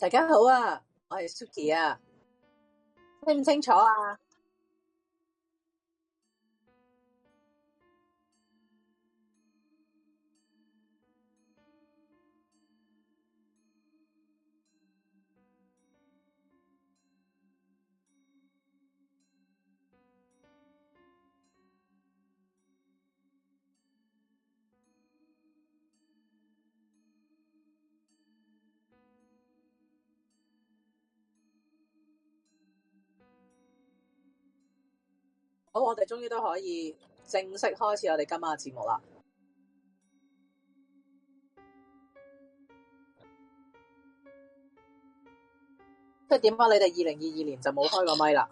大家好啊，我係 Suki 啊，聽唔清楚啊？我哋終於都可以正式開始我哋今晚嘅節目啦。即係點解？你哋二零二二年就冇開過麥啦。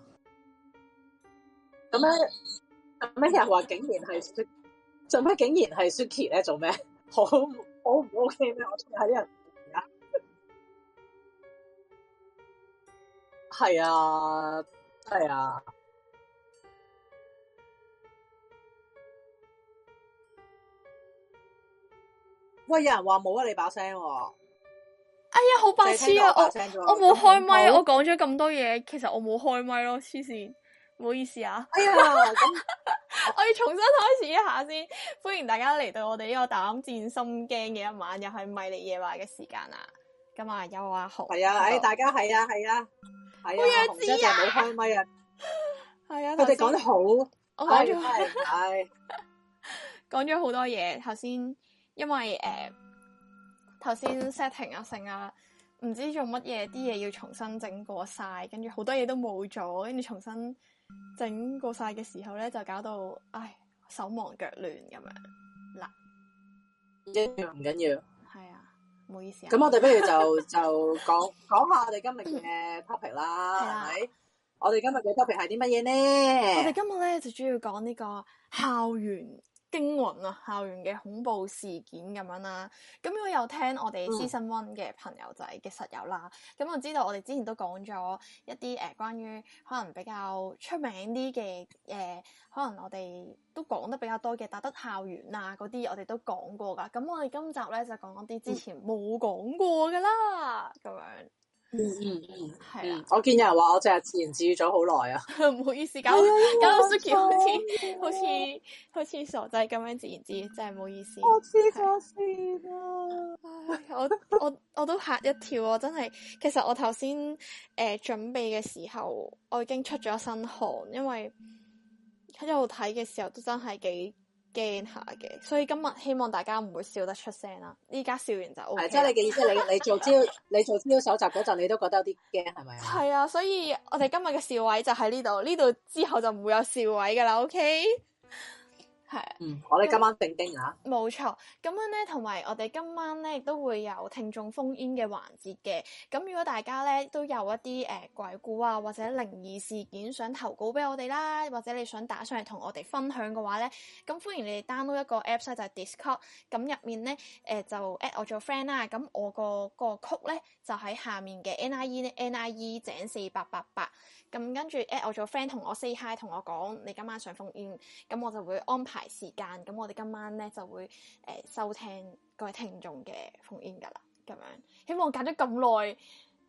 咁咩？咁咩人話竟然係 Suki？做咩竟然係 Suki 咧？做咩？好，好唔 OK 咩？我睇人。係啊，係啊。喂，有人話冇啊！你把聲，哎呀，好白痴啊！我我冇開麥，我講咗咁多嘢，其實我冇開麥咯，黐線，唔好意思啊！哎呀，咁， 我要重新開始一下先，歡迎大家嚟到我哋呢個膽戰心驚嘅一晚，又係迷離夜話嘅時間啊！今晚有阿紅，係啊，哎，大家係啊，係啊，係啊，真係冇開麥啊！係啊，佢哋講得好，講咗，講咗好多嘢，頭先。因為誒，頭先 setting 啊，剩啊，唔知做乜嘢，啲嘢要重新整過晒，跟住好多嘢都冇咗，跟住重新整過晒嘅時候咧，就搞到唉手忙腳亂咁樣。嗱，一樣唔緊要，係啊，唔好意思啊。咁我哋不如就就講 講下我哋今日嘅 topic 啦，係咪？我哋今日嘅 topic 係啲乜嘢呢？我哋今日咧就主要講呢個校園驚魂啊！校園嘅恐怖事件咁樣啦，啊，咁如果有聽我哋私信溫嘅朋友仔嘅實友啦，咁我知道我哋之前都講咗一啲誒、呃，關於可能比較出名啲嘅誒，可能我哋都講得比較多嘅達德校園啊，嗰啲我哋都講過噶，咁我哋今集咧就講啲之前冇講過噶啦，咁、嗯、樣。嗯嗯嗯，係、嗯、啦，的我見有人話我成日自言自語咗好耐啊，唔 好意思，搞到、哎、搞到 Suki、啊、好似好似好似傻仔咁樣自言自語，真係唔好意思，過錯事啦，的 唉，我都我我都嚇一跳啊，我真係，其實我頭先誒準備嘅時候，我已經出咗一身汗，因為喺度睇嘅時候都真係幾。驚下嘅，所以今日希望大家唔會笑得出聲啦。依家笑完就 OK，即係你嘅意思，你你做招，你做招手集嗰陣，你都覺得有啲驚係咪啊？係啊，所以我哋今日嘅笑位就喺呢度，呢度之後就唔會有笑位㗎喇，OK。係，嗯，我哋今晚定定嚇，冇錯，咁樣咧，同埋我哋今晚咧亦都會有聽眾烽煙嘅環節嘅，咁如果大家咧都有一啲誒、呃、鬼故啊或者靈異事件想投稿俾我哋啦，或者你想打上嚟同我哋分享嘅話咧，咁歡迎你哋 download 一個 app 啦、呃，就係 Discord，咁入面咧誒就 at 我做 friend 啦，咁我、個個曲咧就喺下面嘅 NIE NIE 井四八八八。咁跟住 add 我做 friend 同我 say hi，同我講你今晚上 phone in，咁我就會安排時間。咁我哋今晚咧就會誒、呃、收聽各位聽眾嘅 phone in 噶啦。咁樣希望隔咗咁耐，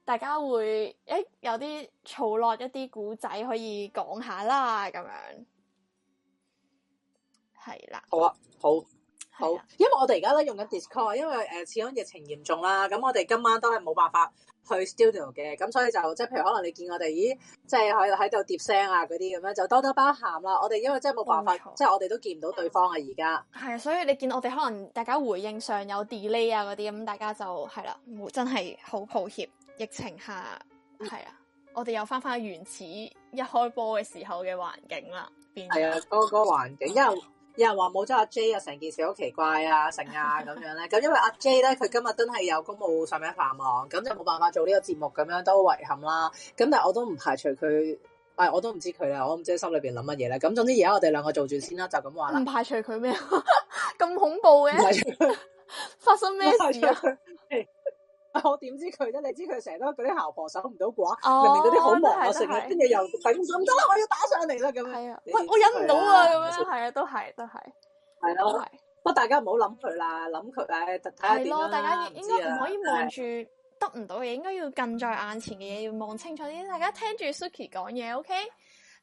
大家會誒、欸、有啲儲落一啲古仔可以講下啦。咁樣係啦，好啊，好，好，啊、因為我哋而家咧用緊 Discord，因為誒始終疫情嚴重啦。咁我哋今晚都係冇辦法。去 studio 嘅，咁所以就即係譬如可能你見我哋，咦，即係可以喺度疊聲啊嗰啲咁樣，就多多包涵啦。我哋因為真係冇辦法，嗯、即係我哋都見唔到對方啊，而家係啊，所以你見我哋可能大家回應上有 delay 啊嗰啲，咁大家就係啦，真係好抱歉。疫情下係啊，我哋又翻翻原始一開波嘅時候嘅環境啦，變係啊，嗰個環境。因為。有人話冇咗阿 J 啊，成件事好奇怪啊，成啊咁樣咧。咁因為阿 J 咧，佢今日都係有公務上面繁忙，咁就冇辦法做呢個節目咁樣，都遺憾啦。咁但係我都唔排除佢，啊我都唔知佢咧，我唔知，我唔知心裏邊諗乜嘢咧。咁總之而家我哋兩個先做住先啦，就咁話啦。唔排除佢咩啊？咁 恐怖嘅，排除佢 發生咩事啊？我點知佢咧？你知佢成日都嗰啲姣婆守唔到寡，入面嗰啲好忙，我成日啲嘢又頂唔得啦！我要打上嚟啦！咁樣、哎呀，喂，我忍唔到啊！咁樣，係啊，都係，的都係是，係咯，不過大家唔好諗佢啦，諗佢誒，睇下係咯，的大家應應該唔可以望住得唔到嘅嘢，應該要近在眼前嘅嘢要望清楚啲。大家聽住 Suki 講嘢，OK。.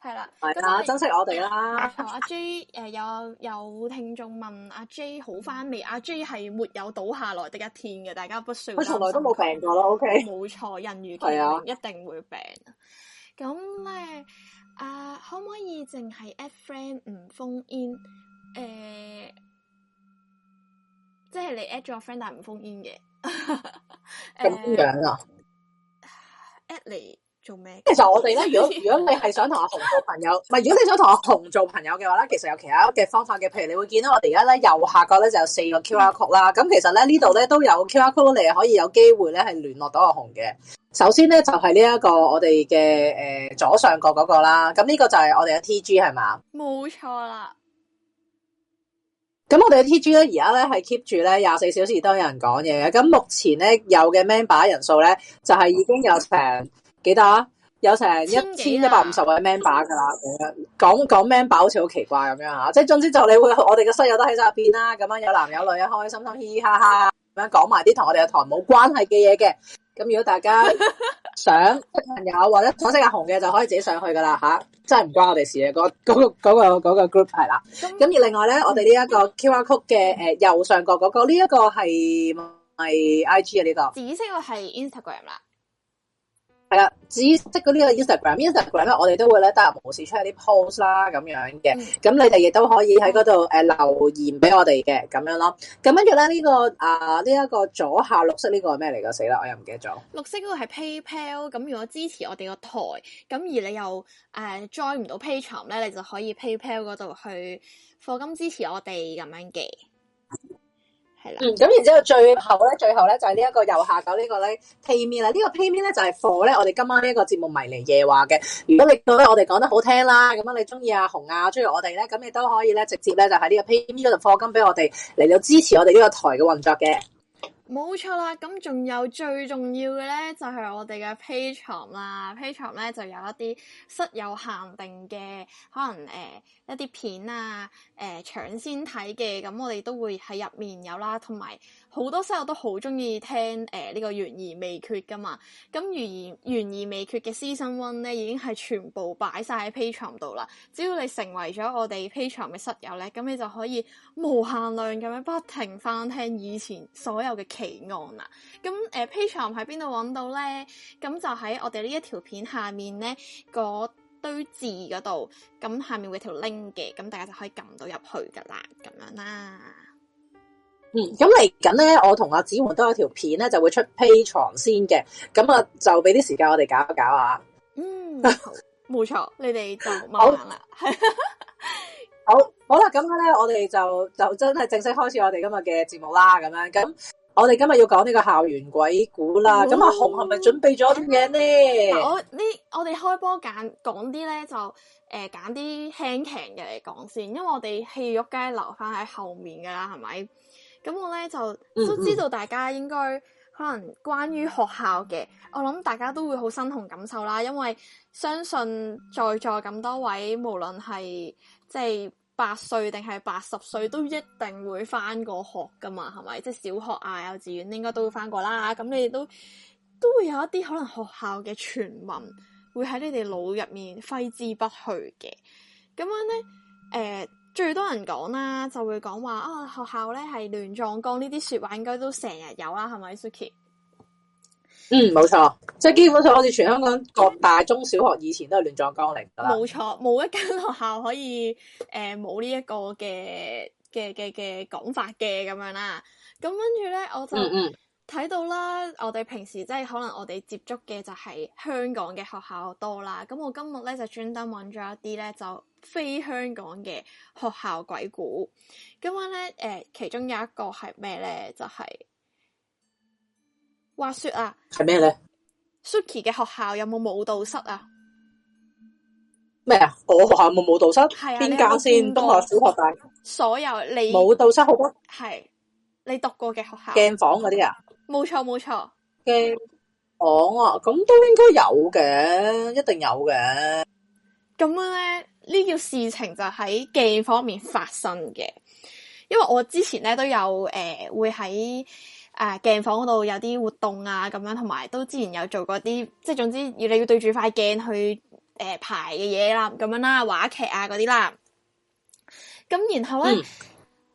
係啦，咁啊、就是、珍惜我哋啦。阿 J，誒、呃、有有聽眾問阿 J 好翻未？阿 J 係沒有倒下來的一天嘅，大家不需。佢從來都冇病過咯，OK。冇錯，人如果啊，一定會病。咁咧、啊，啊、呃、可唔可以淨係 at friend 唔封煙？誒、呃，即、就、係、是、你 at 咗 friend 但係唔封煙嘅？咁、 呃、樣啊？at 你。做咩？其實我哋咧，如果如果你係想同阿紅做朋友，唔係 如果你想同阿紅做朋友嘅話咧，其實有其他嘅方法嘅。譬如你會見到我哋而家咧右下角咧就有四個 QR code 啦。咁其實咧呢度咧都有 QR code，你可以有機會咧係聯絡到阿紅嘅。首先咧就係呢一個我哋嘅誒左上角嗰個啦。咁呢個就係我哋嘅 TG 係嘛？冇錯啦。咁我哋嘅 TG 咧而家咧係 keep 住咧廿四小時都有人講嘢嘅。咁目前咧有嘅 member 人數咧就係、是、已經有成。幾多、啊？有成一千一百五十位 man 把噶啦，咁樣講講 man 好似好奇怪咁樣吓，即係總之就你會我哋嘅室友都喺晒入邊啦，咁、啊、樣有男有女，開開心心，嘻嘻哈哈，咁樣講埋啲同我哋嘅台冇關係嘅嘢嘅。咁、啊、如果大家想朋友或者想識阿紅嘅，就可以自己上去噶啦吓，真係唔關我哋事嘅。嗰、那、嗰個嗰、那個、那個 group 係啦、啊。咁、嗯、而另外咧，我哋呢一個 QR code 嘅誒右上角嗰、那個呢一、這個係係 IG 啊呢度，紫色嘅係 Instagram 啦。係啦，至於即嗰呢個 Instagram，Instagram 咧，我哋都會咧，得閒無事出一啲 post 啦，咁樣嘅。咁你哋亦都可以喺嗰度誒留言俾我哋嘅，咁樣咯。咁跟住咧，呢個啊呢一個左下綠色呢個係咩嚟噶？死啦，我又唔記得咗。綠色嗰個係 PayPal，咁如果支持我哋個台，咁而你又誒 join 唔到 Patreon 咧，你就可以 PayPal 嗰度去課金支持我哋咁樣嘅。嗯，咁然之後最後咧，最後咧就係、是、呢一、這個右下角呢個咧 PayMe 啦，就是、呢個 PayMe 咧就係貨咧，我哋今晚呢一個節目迷離夜話嘅。如果你覺得我哋講得好聽啦，咁樣你中意阿紅啊，中意我哋咧，咁你都可以咧直接咧就喺、是、呢個 PayMe 嗰度課金俾我哋嚟到支持我哋呢個台嘅運作嘅。冇錯啦，咁仲有最重要嘅咧，就係、是、我哋嘅 Patreon 啦。Patreon 咧就有一啲室友限定嘅，可能誒、呃、一啲片啊，誒、呃、搶先睇嘅，咁我哋都會喺入面有啦。同埋好多室友都好中意聽誒呢、呃這個懸疑未決噶嘛，咁懸疑懸疑未決嘅 season one 咧已經係全部擺晒喺 Patreon 度啦。只要你成為咗我哋 Patreon 嘅室友咧，咁你就可以無限量咁樣不停翻聽以前所有嘅。奇案啦，啊，咁誒 Patreon 喺邊度搵到咧？咁就喺我哋呢一條片下面咧，嗰堆字嗰度，咁下面會條 link 嘅，咁大家就可以撳到入去噶啦，咁樣啦。嗯，咁嚟緊咧，我同阿子媛都有條片咧，就會出 Patreon 先嘅，咁啊，就俾啲時間我哋搞一搞啊。嗯，冇錯， 你哋就忙啦好 好好啦，咁樣咧，我哋就就真係正式開始我哋今日嘅節目啦，咁樣咁。嗯嗯我哋今日要講呢個校園鬼故啦，咁、嗯、阿紅係咪準備咗啲嘢咧？我，我呢，我哋開波揀講啲咧，就誒揀啲輕劇嘅嚟講先，因為我哋戲肉梗係留翻喺後面噶啦，係咪？咁我咧就、嗯嗯、都知道大家應該可能關於學校嘅，我諗大家都會好身同感受啦，因為相信在座咁多位，無論係即係。八歲定係八十歲都一定會返過學噶嘛，係咪？即係小學啊、幼稚園應該都會返過啦。咁你哋都都會有一啲可能學校嘅傳聞會喺你哋腦入面揮之不去嘅。咁樣咧，誒、呃，最多人講啦，就會講話啊，學校咧係亂葬崗呢啲說話應該都成日有啦，係咪，Suki？嗯，冇錯，即係基本上我哋全香港各大中小學以前都係亂葬崗嚟，冇錯，冇、嗯、一間學校可以誒冇、呃、呢一個嘅嘅嘅嘅講法嘅咁樣啦。咁跟住咧，我就睇到啦，嗯嗯、我哋平時即係可能我哋接觸嘅就係香港嘅學校多啦。咁我今日咧就專登揾咗一啲咧就非香港嘅學校鬼故。咁樣咧，誒、呃，其中有一個係咩咧？就係、是。話說啊？係咩咧？Suki 嘅學校有冇舞蹈室啊？咩啊？我學校冇舞蹈室？係啊邊間先？有有東華小學大學所有你舞蹈室好多係你讀過嘅學校鏡房嗰啲啊？冇錯冇錯，鏡房啊？咁都應該有嘅，一定有嘅。咁樣咧，呢件事情就喺鏡方面發生嘅，因為我之前咧都有誒、呃、會喺。誒，鏡房嗰度有啲活動啊，咁樣，同埋都之前有做過啲，即係總之要你要對住塊鏡去誒、呃、排嘅嘢啦，咁樣啦，話劇啊嗰啲啦。咁然後咧，嗯、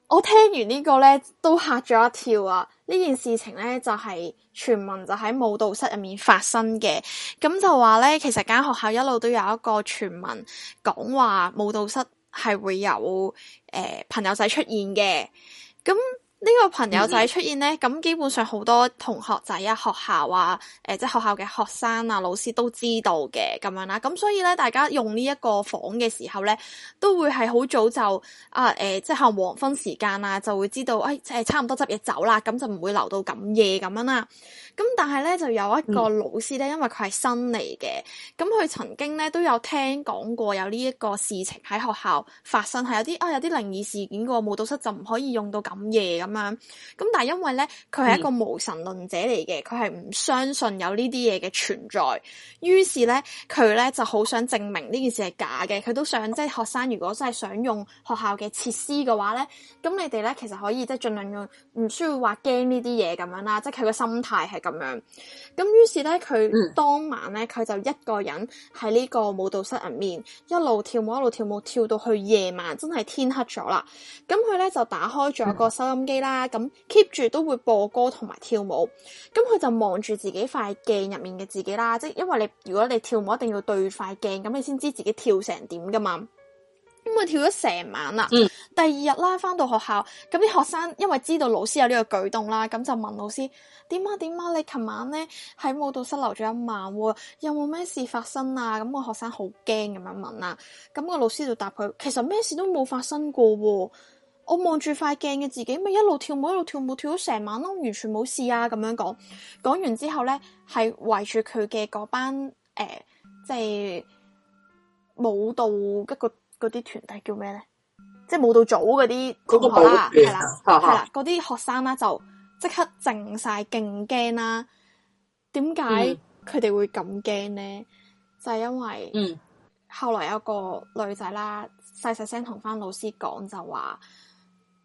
我聽完個呢個咧都嚇咗一跳啊！呢件事情咧就係傳聞就喺舞蹈室入面發生嘅，咁就話咧其實間學校一路都有一個傳聞，講話舞蹈室係會有誒、呃、朋友仔出現嘅，咁。呢個朋友仔出現呢，咁基本上好多同學仔啊、學校啊、誒、呃、即係學校嘅學生啊、老師都知道嘅咁樣啦。咁所以呢，大家用呢一個房嘅時候呢，都會係好早就啊誒、呃，即係可能黃昏時間啊，就會知道誒誒、哎、差唔多執嘢走啦，咁就唔會留到咁夜咁樣啦。咁但係咧就有一個老師咧，因為佢係新嚟嘅，咁佢曾經咧都有聽講過有呢一個事情喺學校發生，係有啲啊有啲靈異事件個舞蹈室就唔可以用到咁嘢咁樣，咁但係因為咧佢係一個無神論者嚟嘅，佢係唔相信有呢啲嘢嘅存在。於是咧佢咧就好想證明呢件事係假嘅，佢都想即係學生如果真係想用學校嘅設施嘅話咧，咁你哋咧其實可以即係盡量用，唔需要話驚呢啲嘢咁樣啦。即係佢個心態係咁。咁樣，咁於是咧，佢當晚咧，佢就一個人喺呢個舞蹈室入面，一路跳舞，一路跳舞，跳到去夜晚，真係天黑咗啦。咁佢咧就打開咗個收音機啦，咁 keep 住都會播歌同埋跳舞。咁佢就望住自己塊鏡入面嘅自己啦，即係因為你如果你跳舞一定要對塊鏡，咁你先知自己跳成點㗎嘛。咁佢跳咗成晚啦，嗯、第二日啦翻到學校，咁啲學生因為知道老師有呢個舉動啦，咁就問老師點啊點啊，你琴晚咧喺舞蹈室留咗一晚、哦，有冇咩事發生啊？咁、個學生好驚咁樣問啦，咁、個老師就答佢：其實咩事都冇發生過、哦，我望住塊鏡嘅自己，咪一路跳舞，一路跳舞跳咗成晚咯、哦，完全冇事啊！咁樣講講完之後咧，係圍住佢嘅嗰班誒，即、呃、係、就是、舞蹈一個。嗰啲團體叫咩咧？即係舞蹈組嗰啲同學啦，係啦，係啦的，嗰啲 學生啦，嗯、就即刻靜晒，勁驚啦！點解佢哋會咁驚咧？就係因為後來有個女仔啦，細細聲同翻老師講就話：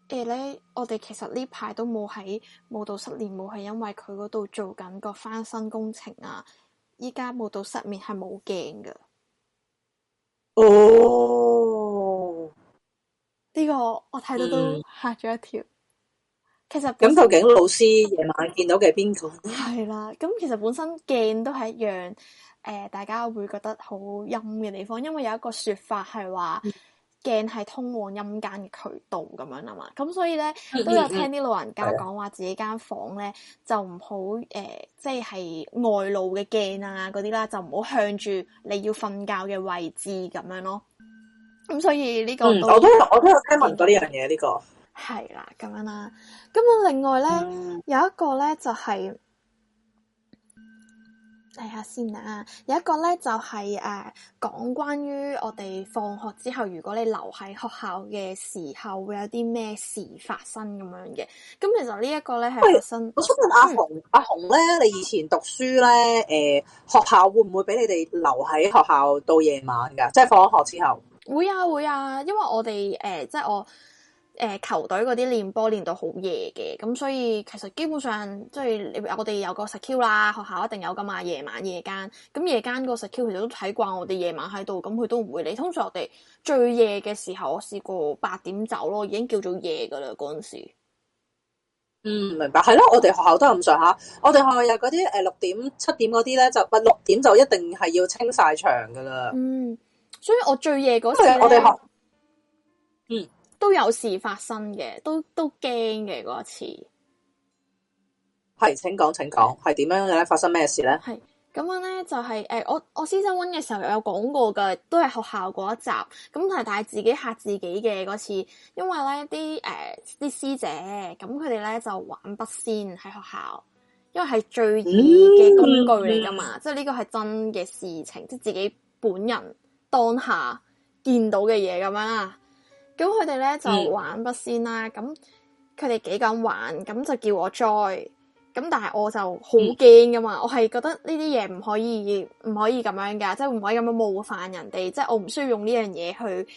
誒、欸、咧，我哋其實呢排都冇喺舞蹈室練舞，係因為佢嗰度做緊個翻新工程啊！依家舞蹈室面係冇鏡噶。哦，呢、oh, 個我睇到都嚇咗一跳。嗯、其實咁究竟老師夜晚見到嘅邊個？係啦、嗯，咁其實本身鏡都係一樣，誒、呃，大家會覺得好陰嘅地方，因為有一個說法係話，嗯鏡係通往陰間嘅渠道咁樣啊嘛，咁所以咧都有聽啲老人家講話自己間房咧就唔好誒，即係外露嘅鏡啊嗰啲啦，就唔好向住你要瞓覺嘅位置咁樣咯。咁所以呢個，嗯，呢個，我都我都有聽聞到呢樣嘢，呢個係啦，咁樣啦。咁另外咧，嗯，有一個咧就係、是。睇下先啊，有一個咧就係誒講關於我哋放學之後，如果你留喺學校嘅時候，會有啲咩事發生咁樣嘅。咁其實呢一個咧係新。喂生我想問、嗯、阿紅，阿紅咧，你以前讀書咧，誒、呃，學校會唔會俾你哋留喺學校到夜晚噶？即係放學之後。會啊，會啊，因為我哋誒、呃，即係我。誒、呃，球隊嗰啲練波練到好夜嘅。咁、嗯、所以其實基本上即係你我哋有個 secure 啦，學校一定有噶嘛，夜晚夜間，咁、嗯、夜間個 secure 其實都睇慣我哋夜晚喺度，咁佢都唔會理。通常我哋最夜嘅時候，我試過八點走咯，已經叫做夜噶啦嗰陣時。嗯，明白，係咯，我哋學校都係咁上下。我哋學校有嗰啲誒六點七點嗰啲咧，就不六點就一定係要清晒場噶啦。嗯，所以我最夜嗰時我哋學。都有事發生嘅，都都驚嘅嗰一次。係，請講，請講，係點樣嘅咧？發生咩事咧？係咁樣咧，就係、是、誒、呃，我我先生溫嘅時候有講過噶，都係學校嗰一集。咁係，但係自己吓自己嘅嗰次，因為咧啲誒啲師姐，咁佢哋咧就玩筆仙喺學校，因為係最易嘅工具嚟噶嘛，即係呢個係真嘅事情，即、就、係、是、自己本人當下見到嘅嘢咁樣啦。咁佢哋咧就玩不先啦，咁佢哋幾敢玩，咁就叫我 join，咁但係我就好驚噶嘛，我係覺得呢啲嘢唔可以唔可以咁樣噶，即係唔可以咁樣冒犯人哋，即係我唔需要用呢樣嘢去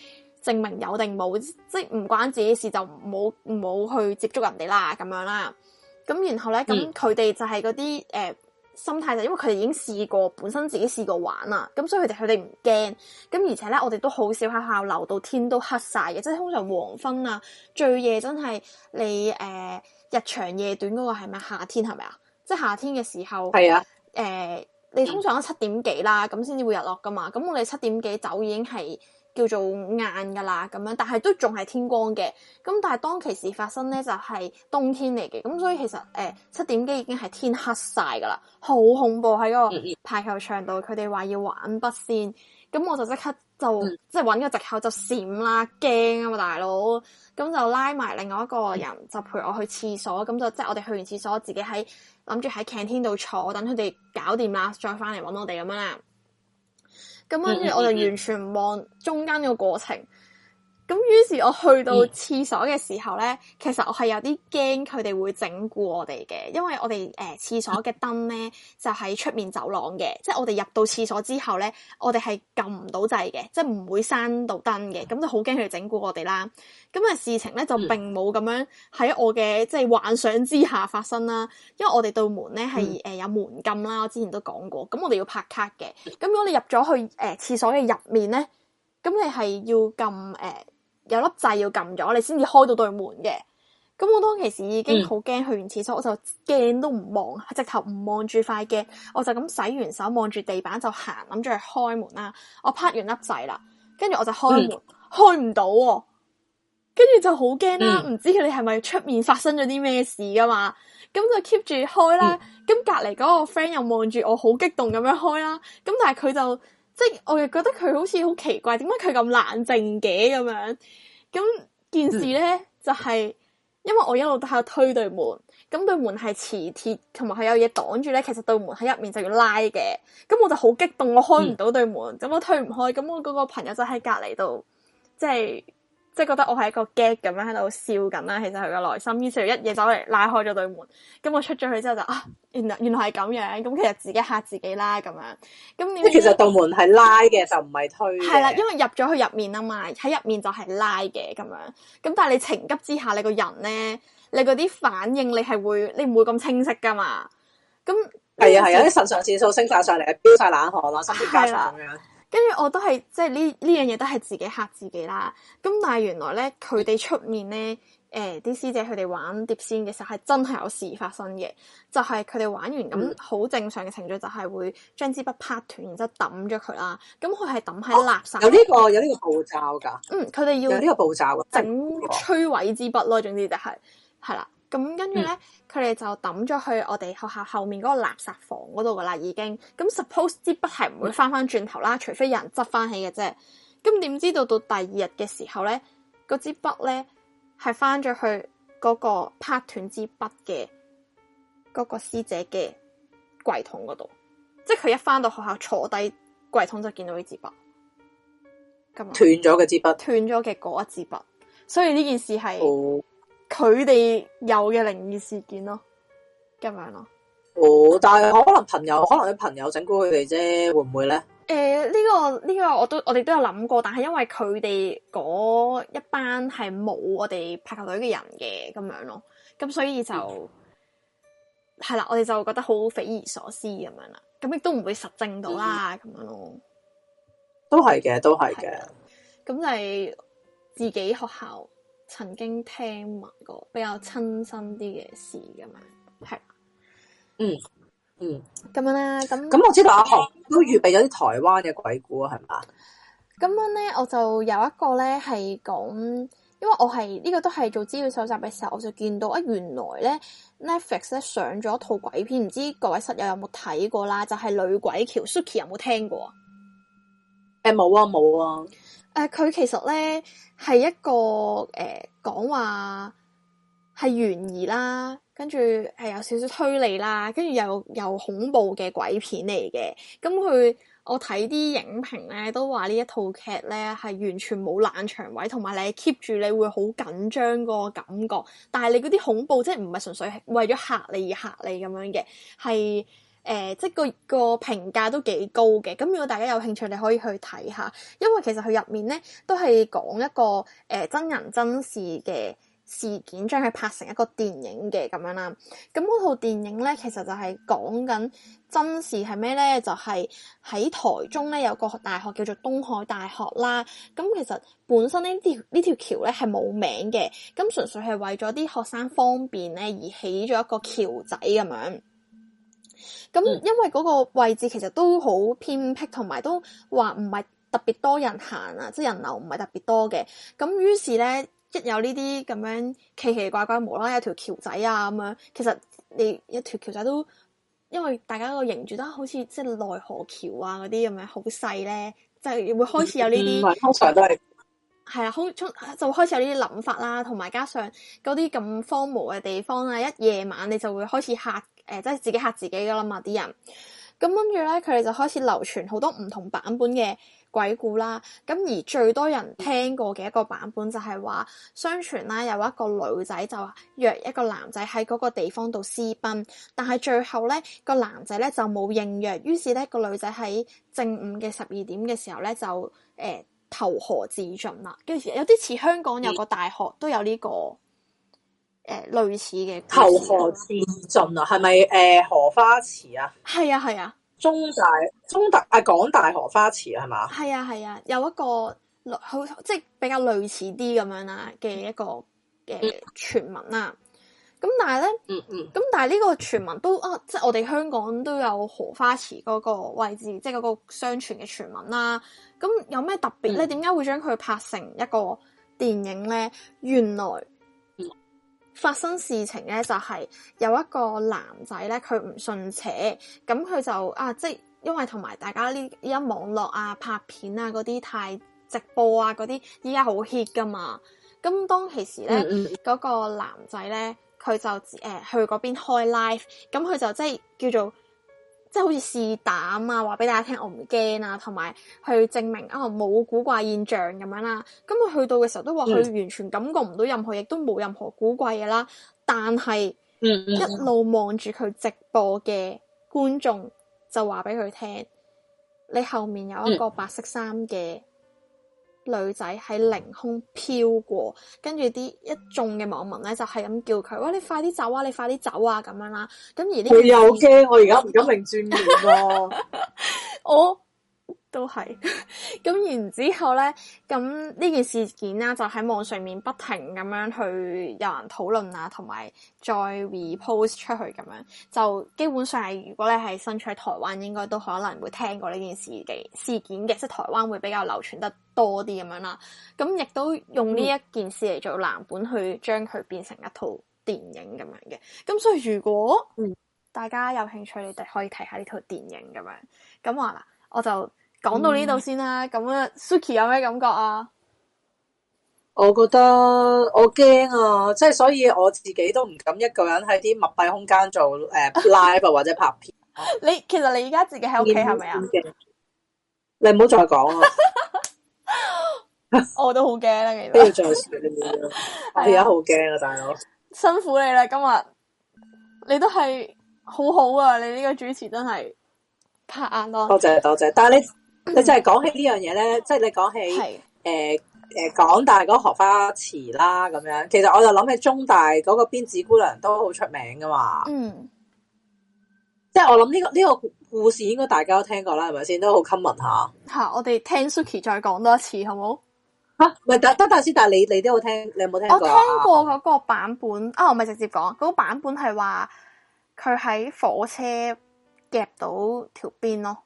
證明有定冇，即係唔關自己事就唔好去接觸人哋啦咁樣啦，咁然後咧咁佢哋就係嗰啲誒。呃心態就因為佢哋已經試過，本身自己試過玩啦，咁、嗯、所以佢哋佢哋唔驚。咁而且咧，我哋都好少喺學校留到天都黑晒嘅，即係通常黃昏啊，最夜真係你誒、呃、日長夜短嗰個係咪夏天係咪啊？即係夏天嘅時候，係啊，誒、呃、你通常都七點幾啦，咁先至會日落噶嘛。咁我哋七點幾走已經係。叫做晏噶啦，咁樣，但係都仲係天光嘅。咁但係當其時發生咧，就係、是、冬天嚟嘅。咁所以其實誒、呃、七點幾已經係天黑曬噶啦，好恐怖喺個排球場度。佢哋話要玩筆仙。咁我就即刻就即係揾個藉口就閃啦，驚啊嘛大佬。咁就拉埋另外一個人就陪我去廁所，咁就即係、就是、我哋去完廁所，自己喺諗住喺 canteen 度坐，等佢哋搞掂啦，再返嚟揾我哋咁樣啦。咁跟住我就完全唔望中間個過程。咁於是我去到廁所嘅時候咧，其實我係有啲驚佢哋會整蠱我哋嘅，因為我哋誒、呃、廁所嘅燈咧就喺、是、出面走廊嘅，即係我哋入到廁所之後咧，我哋係撳唔到掣嘅，即係唔會閂到燈嘅，咁就好驚佢哋整蠱我哋啦。咁啊事情咧就並冇咁樣喺我嘅即係幻想之下發生啦，因為我哋度門咧係誒有門禁啦，我之前都講過，咁我哋要拍卡嘅。咁如果你入咗去誒、呃、廁所嘅入面咧，咁你係要撳誒。呃有粒掣要撳咗，你先至開到對門嘅。咁我當其時已經好驚，嗯、去完廁所我就鏡,都唔望，直頭唔望住塊鏡，我就咁洗完手，望住地板就行，諗住去開門啦。我拍完粒掣啦，跟住我就開門，嗯、開唔到、啊，跟住就好驚啦，唔、嗯、知佢哋係咪出面發生咗啲咩事噶嘛？咁就 keep 住開啦。咁隔籬嗰個 friend 又望住我，好激動咁樣開啦。咁但係佢就即係我又覺得佢好似好奇怪，點解佢咁冷靜嘅咁樣？咁件事咧就係、是、因為我一路都喺度推對門，咁對門係磁鐵，同埋佢有嘢擋住咧。其實對門喺入面就要拉嘅，咁我就好激動，我開唔到對門，咁、嗯、我推唔開，咁我嗰個朋友就喺隔籬度，即係。即係覺得我係一個 gag 咁樣喺度笑緊啦，其實佢嘅內心，於是就一嘢走嚟拉開咗對門，咁我出咗去之後就啊，原來原來係咁樣，咁其實自己吓自己啦咁樣，咁其實道門係拉嘅就唔係推。係啦，因為入咗去入面啊嘛，喺入面就係拉嘅咁樣，咁但係你情急之下你個人咧，你嗰啲反應你係會你唔會咁清晰噶嘛？咁係啊係啊，啲腎上腺素升晒上嚟，飆晒冷汗啊，心跳加速咁樣。跟住我都係即係呢呢樣嘢都係自己嚇自己啦。咁但係原來咧佢哋出面咧，誒，啲師姐佢哋玩碟仙嘅時候係真係有事發生嘅。就係佢哋玩完咁好，嗯、正常嘅程序就係會將支筆拍斷，然之後抌咗佢啦。咁佢係抌喺垃圾，哦。有呢，這個有呢個步驟噶。嗯，佢哋要有呢個步驟，整係摧毀支筆咯。總之就係係啦。咁跟住咧，佢哋、嗯、就抌咗去我哋學校後面嗰個垃圾房嗰度噶啦，已經。咁 suppose 支筆係唔會翻翻轉頭啦，嗯、除非有人執翻起嘅啫。咁點知道到第二日嘅時候咧，嗰支筆咧係翻咗去嗰個拍斷支筆嘅嗰個師姐嘅櫃桶嗰度。即係佢一翻到學校坐低櫃桶就見到呢支筆。咁斷咗嘅支筆，斷咗嘅嗰一支筆。所以呢件事係。哦佢哋有嘅靈異事件咯，咁樣咯。哦，但係我可能朋友，可能啲朋友整蠱佢哋啫，會唔會咧？誒、呃，呢個呢個，這個、我都我哋都有諗過，但係因為佢哋嗰一班係冇我哋排球隊嘅人嘅咁樣咯，咁所以就係、嗯、啦，我哋就覺得好匪夷所思咁樣啦，咁亦都唔會實證到啦，咁樣咯。都係嘅，都係嘅。咁就係自己學校。曾經聽聞過比較親身啲嘅事咁樣，係、嗯，嗯嗯，咁樣啦，咁咁我知道阿航都預備咗啲台灣嘅鬼故啊，係嘛，咁樣咧，我就有一個咧係講，因為我係呢、這個都係做資料搜集嘅時候，我就見到啊，原來咧 Netflix 咧上咗一套鬼片，唔知各位室友有冇睇過啦，就係、是、女鬼橋，Suki 有冇聽過、欸、啊？誒，冇啊，冇啊。誒，佢、uh, 其實咧係一個誒，講、呃、話係懸疑啦，跟住係有少少推理啦，跟住又又恐怖嘅鬼片嚟嘅。咁、嗯、佢我睇啲影評咧，都話呢一套劇咧係完全冇冷場位，同埋你 keep 住你會好緊張個感覺。但係你嗰啲恐怖，即係唔係純粹係為咗吓你而吓你咁樣嘅，係。誒、呃，即係個個評價都幾高嘅。咁如果大家有興趣，你可以去睇下，因為其實佢入面咧都係講一個誒、呃、真人真事嘅事件，將佢拍成一個電影嘅咁樣啦。咁嗰套電影咧，其實就係講緊真事係咩咧？就係、是、喺台中咧有個大學叫做東海大學啦。咁其實本身條條橋呢條呢條橋咧係冇名嘅，咁純粹係為咗啲學生方便咧而起咗一個橋仔咁樣。咁、嗯、因為嗰個位置其實都好偏僻，同埋都話唔係特別多人行啊，即係人流唔係特別多嘅。咁於是咧，一有呢啲咁樣奇奇怪怪、無啦啦有條橋仔啊，咁樣其實你一條橋仔都因為大家個型住得好似即係奈何橋啊嗰啲咁樣好細咧，就係會開始有呢啲、嗯嗯。通常都係。係啊，好從就開始有呢啲諗法啦，同埋加上嗰啲咁荒蕪嘅地方啊。一夜晚你就會開始嚇誒，即、呃、係、就是、自己嚇自己噶啦嘛啲人。咁跟住咧，佢哋就開始流傳好多唔同版本嘅鬼故啦。咁而最多人聽過嘅一個版本就係話，相傳啦，有一個女仔就約一個男仔喺嗰個地方度私奔，但係最後咧，個男仔咧就冇應約，於是咧，個女仔喺正午嘅十二點嘅時候咧就誒。呃投河自盡啦、啊，跟住有啲似香港有個大學都有呢，這個誒、呃、類似嘅投河自盡啊，係咪誒荷花池啊？係啊係啊中、中大中大啊，港大荷花池係嘛？係啊係啊，有一個好即係比較類似啲咁樣啦嘅一個嘅傳聞啦。呃咁但係咧，咁、嗯嗯、但係呢個傳聞都啊，即、就、係、是、我哋香港都有荷花池嗰個位置，即係嗰個相傳嘅傳聞啦、啊。咁有咩特別？你點解會將佢拍成一個電影咧？原來發生事情咧，就係、是、有一個男仔咧，佢唔信邪，咁佢就啊，即、就、係、是、因為同埋大家呢依家網絡啊、拍片啊嗰啲太直播啊嗰啲，依家好 hit 噶嘛。咁當其時咧，嗰、嗯嗯、個男仔咧。佢就誒、呃、去嗰邊開 live，咁佢就即係叫做即係好似試膽啊，話俾大家聽我唔驚啊，同埋去證明啊冇、哦、古怪現象咁樣啦。咁佢去到嘅時候都話佢完全感覺唔到任何，亦都冇任何古怪嘅啦。但係、嗯、一路望住佢直播嘅觀眾就話俾佢聽，你後面有一個白色衫嘅。嗯嗯女仔喺凌空飄過，跟住啲一眾嘅網民咧就係咁叫佢，喂，你快啲走啊！你快啲走啊！咁樣啦，咁而啲我又驚，我而家唔敢擰轉面咯，我。都係，咁 然之後咧，咁呢件事件啦，就喺網上面不停咁樣去有人討論啊，同埋 再 repost 出去咁樣，就基本上係如果你係身處喺台灣，應該都可能會聽過呢件事嘅事件嘅，即係台灣會比較流傳得多啲咁樣啦。咁亦都用呢一件事嚟做藍本去將佢變成一套電影咁樣嘅。咁所以如果大家有興趣，你哋可以睇下呢套電影咁樣。咁話啦，我就。講到呢度先啦，咁樣，Suki 有咩感覺啊？我覺得我驚啊，即係所以我自己都唔敢一個人喺啲密閉空間做誒 live 啊或者拍片。你其實你而家自己喺屋企係咪啊？你唔好再講啦！我都好驚啊，其實都要再試你而家好驚啊，大佬！辛苦你啦，今日你都係好好啊！你呢個主持真係拍硬咯！多謝多謝，但係你。嗯、你真係講起呢樣嘢咧，即、就、係、是、你講起誒誒是、呃呃、港大嗰荷花池啦，咁樣，其實我就諗起中大嗰個辮子姑娘都好出名噶嘛。嗯，即係我諗呢、這個呢、這個故事應該大家都聽過啦，係咪先都好 common 下。吓、嗯，我哋聽 Suki 再講多一次好唔好？吓、啊，唔係，得得大師，但係你你都有聽，你有冇聽過、啊？我聽過嗰個版本啊，我咪直接講嗰、那個版本係話佢喺火車夾到條辮咯。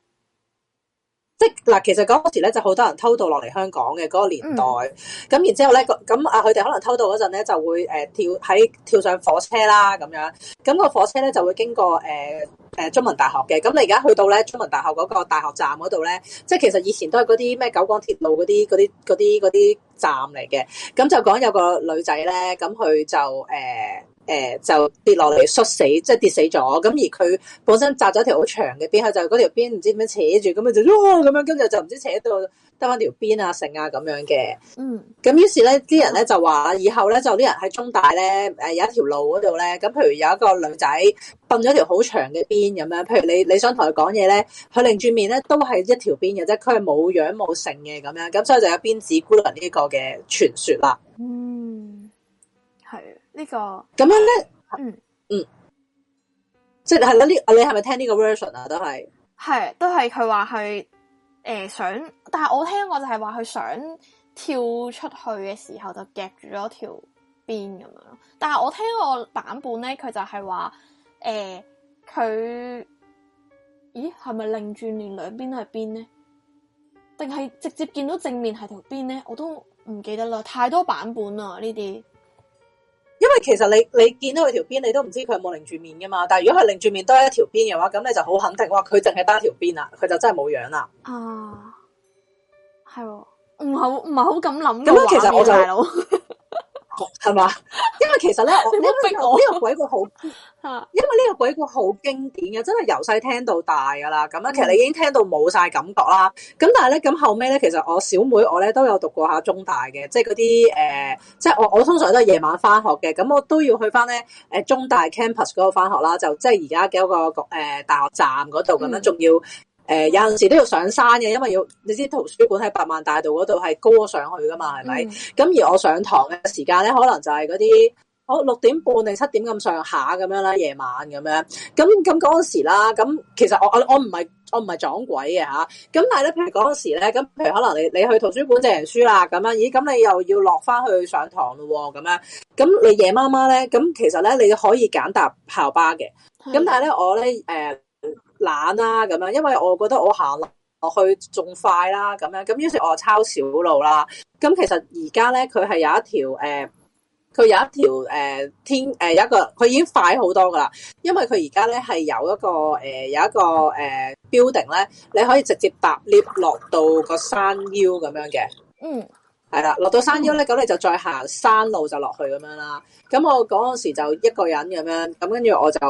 即嗱，其實嗰時咧就好多人偷渡落嚟香港嘅嗰、個年代，咁、嗯、然之後咧，咁啊，佢哋可能偷渡嗰陣咧就會誒跳喺跳上火車啦，咁樣，咁、個火車咧就會經過誒誒、呃呃、中文大學嘅，咁你而家去到咧中文大學嗰個大學站嗰度咧，即係其實以前都係嗰啲咩九廣鐵路嗰啲嗰啲嗰啲啲站嚟嘅，咁就講有個女仔咧，咁佢就誒。呃誒、呃，就跌落嚟摔死，即、就、係、是、跌死咗。咁而佢本身紮咗條好長嘅辮，就條邊後就嗰條辮唔知點樣扯住，咁佢就嘩咁樣，跟住就唔知扯到得翻條辮啊剩啊咁樣嘅。嗯，咁於是咧，啲人咧就話以後咧，就啲人喺中大咧，誒、呃，有一條路嗰度咧，咁譬如有一個女仔崩咗條好長嘅辮，咁樣，譬如你你想同佢講嘢咧，佢擰住面咧都係一條辮嘅啫，佢係冇樣冇剩嘅咁樣，咁所以就有辮子姑娘呢個嘅傳說啦。嗯。這個、呢個咁樣咧，嗯嗯，嗯即係係咯呢，你係咪聽呢個 version 啊？都係係，都係佢話佢誒想，但係我聽過就係話佢想跳出去嘅時候就夾住咗條邊咁樣，但係我聽過我版本咧，佢就係話誒佢，咦係咪擰轉面兩邊都係邊咧？定係直接見到正面係條邊咧？我都唔記得啦，太多版本啦呢啲。因為其實你你見到佢條邊，你都唔知佢有冇擰住面噶嘛。但係如果佢擰住面都係一條邊嘅話，咁你就好肯定話佢淨係得一條邊啦，佢就真係冇樣啦。啊，係喎，唔係唔係好咁諗嘅話，大佬。的 係嘛？因為其實咧，呢個呢個鬼故好，吓， 因為呢個鬼故好經典嘅，真係由細聽到大噶啦。咁啊，其實你已經聽到冇晒感覺啦。咁但係咧，咁後尾咧，其實我小妹我咧都有讀過下中大嘅，即係嗰啲誒，即係我我通常都係夜晚翻學嘅，咁我都要去翻咧誒中大 campus 嗰度翻學啦，就即係而家嘅一個誒、呃、大學站嗰度咁樣，仲要。誒、呃，有陣時都要上山嘅，因為要你知圖書館喺百萬大道嗰度係高上去噶嘛，係咪？咁、mm hmm. 而我上堂嘅時間咧，可能就係嗰啲，我、哦、六點半定七點咁上下咁樣啦，夜晚咁樣。咁咁嗰陣時啦，咁其實我我我唔係我唔係撞鬼嘅吓。咁、啊、但係咧，譬如嗰陣時咧，咁譬如可能你你去圖書館借完書啦，咁樣，咦，咁你又要落翻去上堂咯，咁樣，咁你夜媽媽咧，咁其實咧你可以揀搭校巴嘅。咁、mm hmm. 但係咧，我咧誒。呃呃懶啦咁樣，因為我覺得我行落去仲快啦咁樣，咁於是我就抄小路啦。咁其實而家咧，佢係有一條誒，佢、欸、有一條誒、欸、天誒、欸欸，有一個佢已經快好多噶啦。因為佢而家咧係有一個誒，有一個誒 building 咧，你可以直接搭 lift 落到個山腰咁樣嘅。嗯，係啦，落到山腰咧，咁你就再行山路就落去咁樣啦。咁我嗰陣時就一個人咁樣，咁跟住我就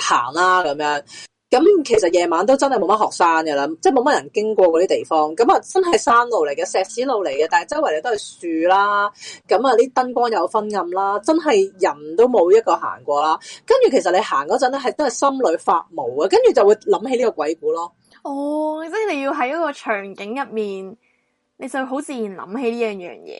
行啦咁樣。咁其實夜晚都真係冇乜學生噶啦，即係冇乜人經過嗰啲地方。咁啊，真係山路嚟嘅石屎路嚟嘅，但係周圍都係樹啦。咁啊，啲燈光又昏暗啦，真係人都冇一個行過啦。跟住其實你行嗰陣咧，係都係心裏發毛啊。跟住就會諗起呢個鬼故咯。哦，即係你要喺一個場景入面，你就好自然諗起呢樣樣嘢。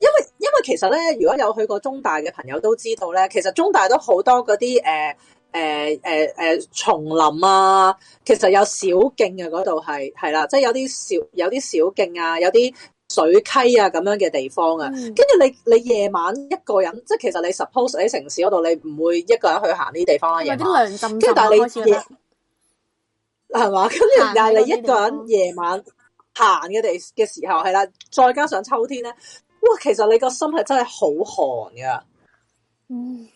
因為因為其實咧，如果有去過中大嘅朋友都知道咧，其實中大都好多嗰啲誒。呃誒誒誒，叢、呃呃呃、林啊，其實有小徑啊。嗰度係係啦，即係有啲小有啲小徑啊，有啲水溪啊咁樣嘅地方啊。跟住、嗯、你你夜晚一個人，即係其實你 suppose 喺城市嗰度，你唔會一個人去行呢啲地方啦、啊。涼浸浸、啊，跟住但係你夜，係嘛？跟住但係你一個人夜晚行嘅地嘅時候，係啦，再加上秋天咧，哇！其實你個心係真係好寒噶。嗯，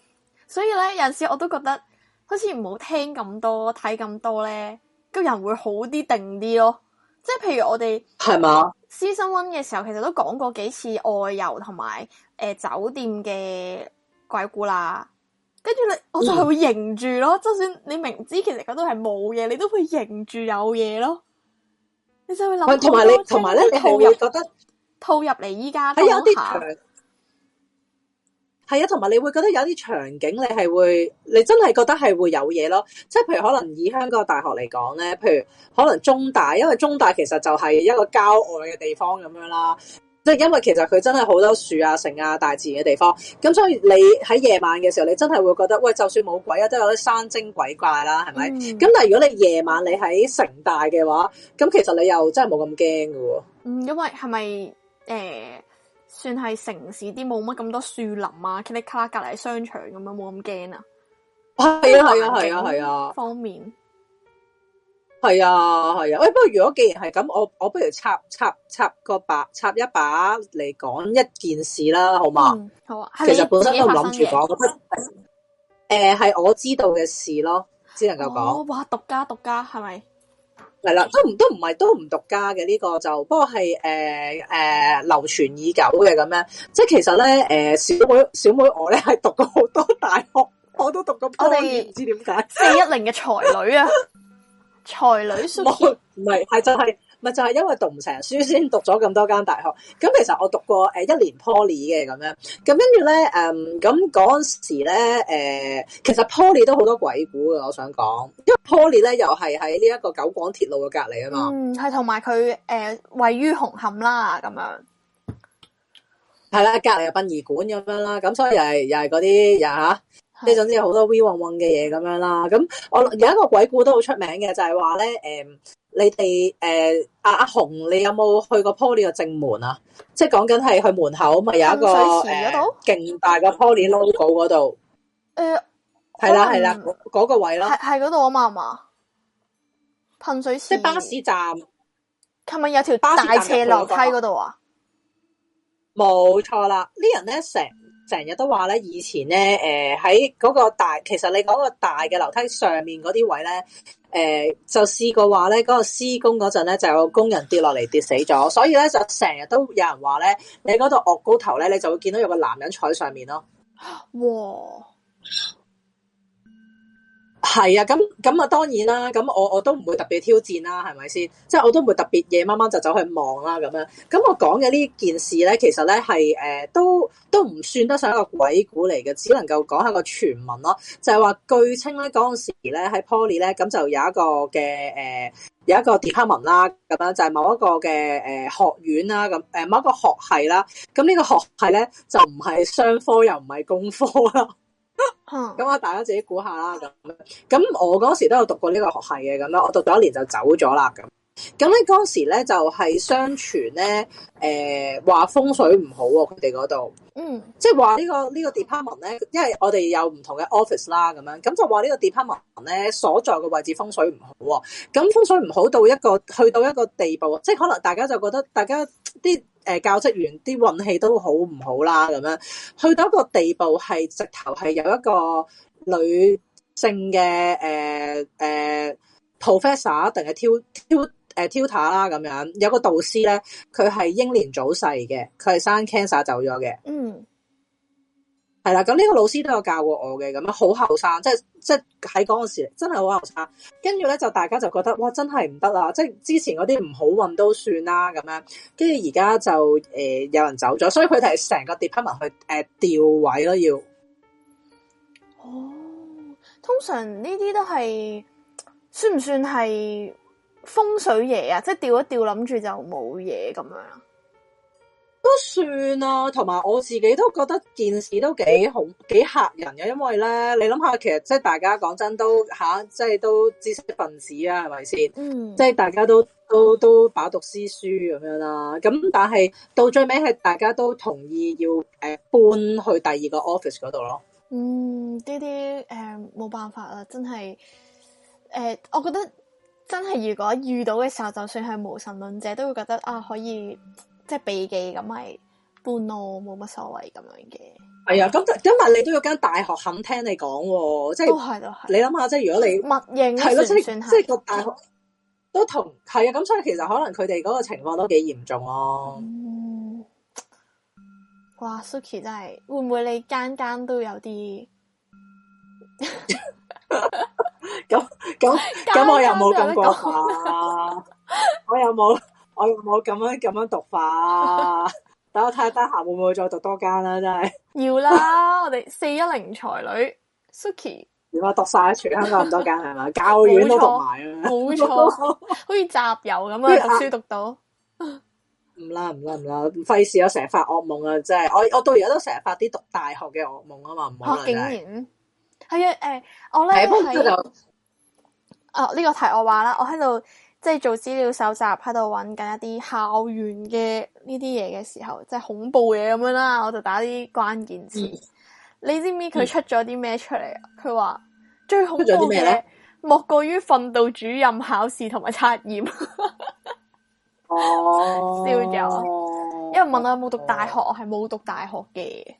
所以咧，有陣時我都覺得。好似唔好聽咁多，睇咁多咧，個人會好啲定啲咯。即係譬如我哋係嘛，Season 1嘅時候其實都講過幾次外遊同埋誒酒店嘅鬼故啦。跟住你，我就係會認住咯。就算、嗯、你明知其實嗰度係冇嘢，你都會認住有嘢咯。你就會諗，同埋你，同埋咧，你套入會覺得套入嚟依家有啲係啊，同埋你會覺得有啲場景，你係會，你真係覺得係會有嘢咯。即係譬如可能以香港嘅大學嚟講咧，譬如可能中大，因為中大其實就係一個郊外嘅地方咁樣啦。即係因為其實佢真係好多樹啊、城啊、大自然嘅地方。咁所以你喺夜晚嘅時候，你真係會覺得，喂，就算冇鬼啊，都有啲山精鬼怪啦，係咪？咁、嗯、但係如果你夜晚你喺城大嘅話，咁其實你又真係冇咁驚嘅。嗯，因為係咪誒？呃算係城市啲冇乜咁多樹林啊，噼里卡啦隔籬商場咁樣，冇咁驚啊。係啊係啊係啊係啊，方面。係啊係啊，誒不過如果既然係咁，我我不如插插插個白插一把嚟講一件事啦，好嘛、嗯？好，其實本身都唔諗住講，覺得誒係我知道嘅事咯，只能夠講。哇，獨家獨家係咪？是係啦，都唔都唔係都唔獨家嘅呢、這個就，就不過係誒誒流傳已久嘅咁樣。即係其實咧，誒、呃、小妹小妹我咧係讀過好多大學，我都讀過我哋唔知點解四一零嘅才女啊， 才女書冇，唔係係真係。咪就係因為讀唔成書，先讀咗咁多間大學。咁其實我讀過誒一年 Poly 嘅咁樣，咁跟住咧誒，咁嗰陣時咧誒、呃，其實 Poly 都好多鬼故嘅。我想講，因為 Poly 咧又係喺呢一個九廣鐵路嘅隔離啊嘛。嗯，係，同埋佢誒位於紅磡啦，咁樣。係啦，隔離殯儀館咁樣啦，咁所以又係又係嗰啲又嚇，即係總之好多 vibing 嘅嘢咁樣啦。咁我有一個鬼故都好出名嘅，就係話咧誒。嗯你哋誒、呃、阿阿紅，你有冇去過 Poly 嘅正門啊？即係講緊係去門口咪有一個誒勁、呃、大嘅 Poly logo 嗰度。誒、呃，係啦係啦，嗰、嗯、個位咯。係嗰度啊嘛嘛，噴水池。即係巴士站，琴日有條大斜樓梯嗰度啊！冇錯啦，人呢人咧成成日都話咧，以前咧，誒喺嗰個大，其實你嗰個大嘅樓梯上面嗰啲位咧，誒、呃、就試過話咧，嗰、那個施工嗰陣咧就有工人跌落嚟跌死咗，所以咧就成日都有人話咧，你嗰度惡高頭咧，你就會見到有個男人坐喺上面咯。哇！係啊，咁咁啊，當然啦，咁我我都唔會特別挑戰啦，係咪先？即係我都唔會特別夜晚晚就走去望啦，咁樣。咁我講嘅呢件事咧，其實咧係誒，都都唔算得上一個鬼故嚟嘅，只能夠講下個傳聞咯。就係話據稱咧，嗰陣時咧喺 Poly 咧，咁就有一個嘅誒，有一個 department 啦，咁樣就係某一個嘅誒學院啦，咁誒某一個學系啦。咁呢個學系咧就唔係商科又唔係工科啦。 咁啊，嗯、我大家自己估下啦咁。咁我嗰時都有讀過呢個學系嘅，咁啦，我讀咗一年就走咗啦咁。咁咧嗰時咧就係、是、相傳咧，誒、呃、話風水唔好、啊，佢哋嗰度，嗯、就是這個，即係話呢個呢個 department 咧，因為我哋有唔同嘅 office 啦，咁樣，咁就話呢個 department 咧所在嘅位置風水唔好、啊，咁風水唔好到一個去到一個地步，即係可能大家就覺得大家啲誒、呃、教職員啲運氣都好唔好啦，咁樣去到一個地步係直頭係有一個女性嘅誒誒 professor，定係挑挑、挑誒 tutor 啦咁樣，有個導師咧，佢係英年早逝嘅，佢係生 cancer 走咗嘅。嗯，係啦，咁呢個老師都有教過我嘅，咁樣好後生，即係即係喺嗰陣時真係好後生。跟住咧就大家就覺得哇，真係唔得啦！即係之前嗰啲唔好運都算啦，咁樣跟住而家就誒有人走咗，所以佢哋係成個 department 去誒調位咯，要。哦，通常呢啲都係算唔算係？風水嘢啊，即係調一調，諗住就冇嘢咁樣，都算啦。同埋我自己都覺得件事都幾恐，幾嚇人嘅。因為咧，你諗下，其實即係大家講真都吓、啊，即係都知識分子啊，係咪先？嗯，即係大家都都都飽讀詩書咁樣啦。咁但係到最尾係大家都同意要誒搬去第二個 office 嗰度咯。嗯，呢啲誒冇辦法啦，真係誒、呃，我覺得。真係如果遇到嘅時候，就算係無神論者都會覺得啊，可以即係避忌咁咪搬咯，冇乜所謂咁樣嘅。係啊、哎呀，咁、嗯、因為你都有間大學肯聽你講，即係都係都係。也是也是你諗下，即係如果你默認係咯，即係即係個大學都同係啊，咁所以其實可能佢哋嗰個情況都幾嚴重咯、啊。哇、嗯、Suki 真係會唔會你間間都有啲？ 咁咁咁我又冇咁過，我又冇，我又冇咁樣咁樣讀法。等我睇下得閒會唔會再讀多間啦？真 係 要啦，我哋四一零才女 Suki， 如果讀晒全香港咁多間，係嘛？教院都讀埋啊 錯，冇錯， 好似集郵咁啊，讀書讀到唔啦唔啦唔啦，費事我成日發噩夢啊！真、啊、係、啊啊、我我到而家都成日發啲讀大學嘅噩夢啊嘛，唔好竟然。 係啊，誒、哎，我咧係啊，呢個題我話啦，我喺度即係做資料搜集，喺度揾緊一啲校園嘅呢啲嘢嘅時候，即係恐怖嘢咁樣啦，我就打啲關鍵詞。嗯、你知唔知佢出咗啲咩出嚟？啊，佢話、嗯、最恐怖嘅莫過於訓導主任考試同埋測驗。哦、 啊，笑咗，因為問我有冇讀大學，我係冇讀大學嘅。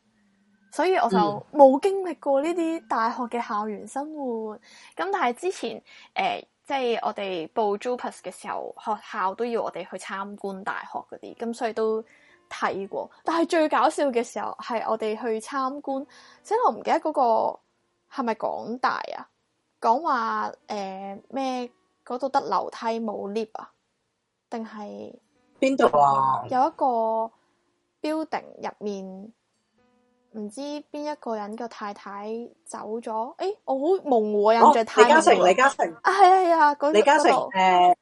所以我就冇經歷過呢啲大學嘅校園生活，咁但係之前誒、呃、即係我哋報 JUPAS 嘅時候，學校都要我哋去參觀大學嗰啲，咁所以都睇過，但係最搞笑嘅時候係我哋去參觀，即係我唔記得、那、嗰個係咪港大啊，講、呃、話誒咩嗰度得樓梯冇 lift 啊，定係邊度啊？有一個 building 入面。唔知邊一個人個太太走咗？誒，我好蒙喎，印象太模糊。李嘉誠，李嘉誠啊，係啊係啊，那個、李嘉誠誒，係、那個呃、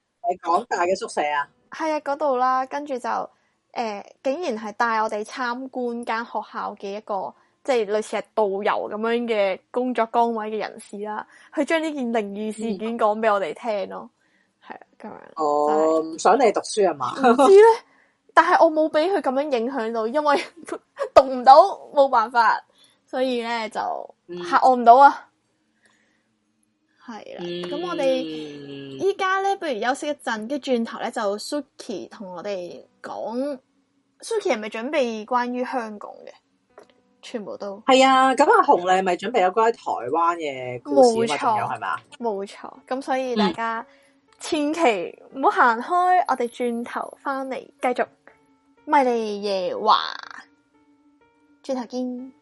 港大嘅宿舍啊，係啊嗰度啦，跟住就誒、呃，竟然係帶我哋參觀間學校嘅一個，即係類似係導遊咁樣嘅工作崗位嘅人士啦，去將呢件靈異事件講俾我哋聽咯，係、嗯、啊咁樣。哦、嗯，唔是想你讀書係嘛？唔 知咧。但係我冇俾佢咁樣影響到，因為 佢讀唔到冇辦法，所以咧就吓我唔到啊。係啦、嗯，咁我哋依家咧不如休息一陣，跟住轉頭咧就 Suki 同我哋講，Suki 係咪準備關於香港嘅？全部都係啊！咁阿紅呢係咪準備灣錯有關台灣嘅故事係嘛？冇錯，咁所以大家、嗯、千祈唔好行開，我哋轉頭翻嚟繼續。迷離夜話，轉頭見。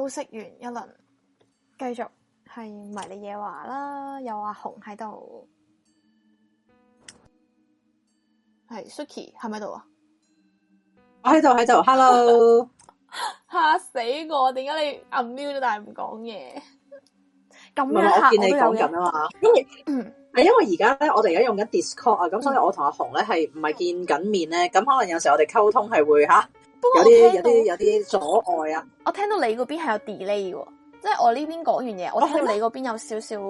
休息完一輪，繼續係迷離夜話啦，有阿紅喺度，係 Suki 係咪度啊？我喺度，喺度，Hello！吓 死我，點解你暗瞄都但係唔講嘢？咁啊，我見你講緊啊嘛，因為係因為而家咧，我哋而家用緊 Discord 啊、嗯，咁所以我同阿紅咧係唔係見緊面咧，咁、嗯、可能有時候我哋溝通係會吓。有啲有啲有啲阻礙啊！我聽到你嗰邊係有 delay 嘅，即係我呢邊講完嘢，哦、我聽到你嗰邊有少少，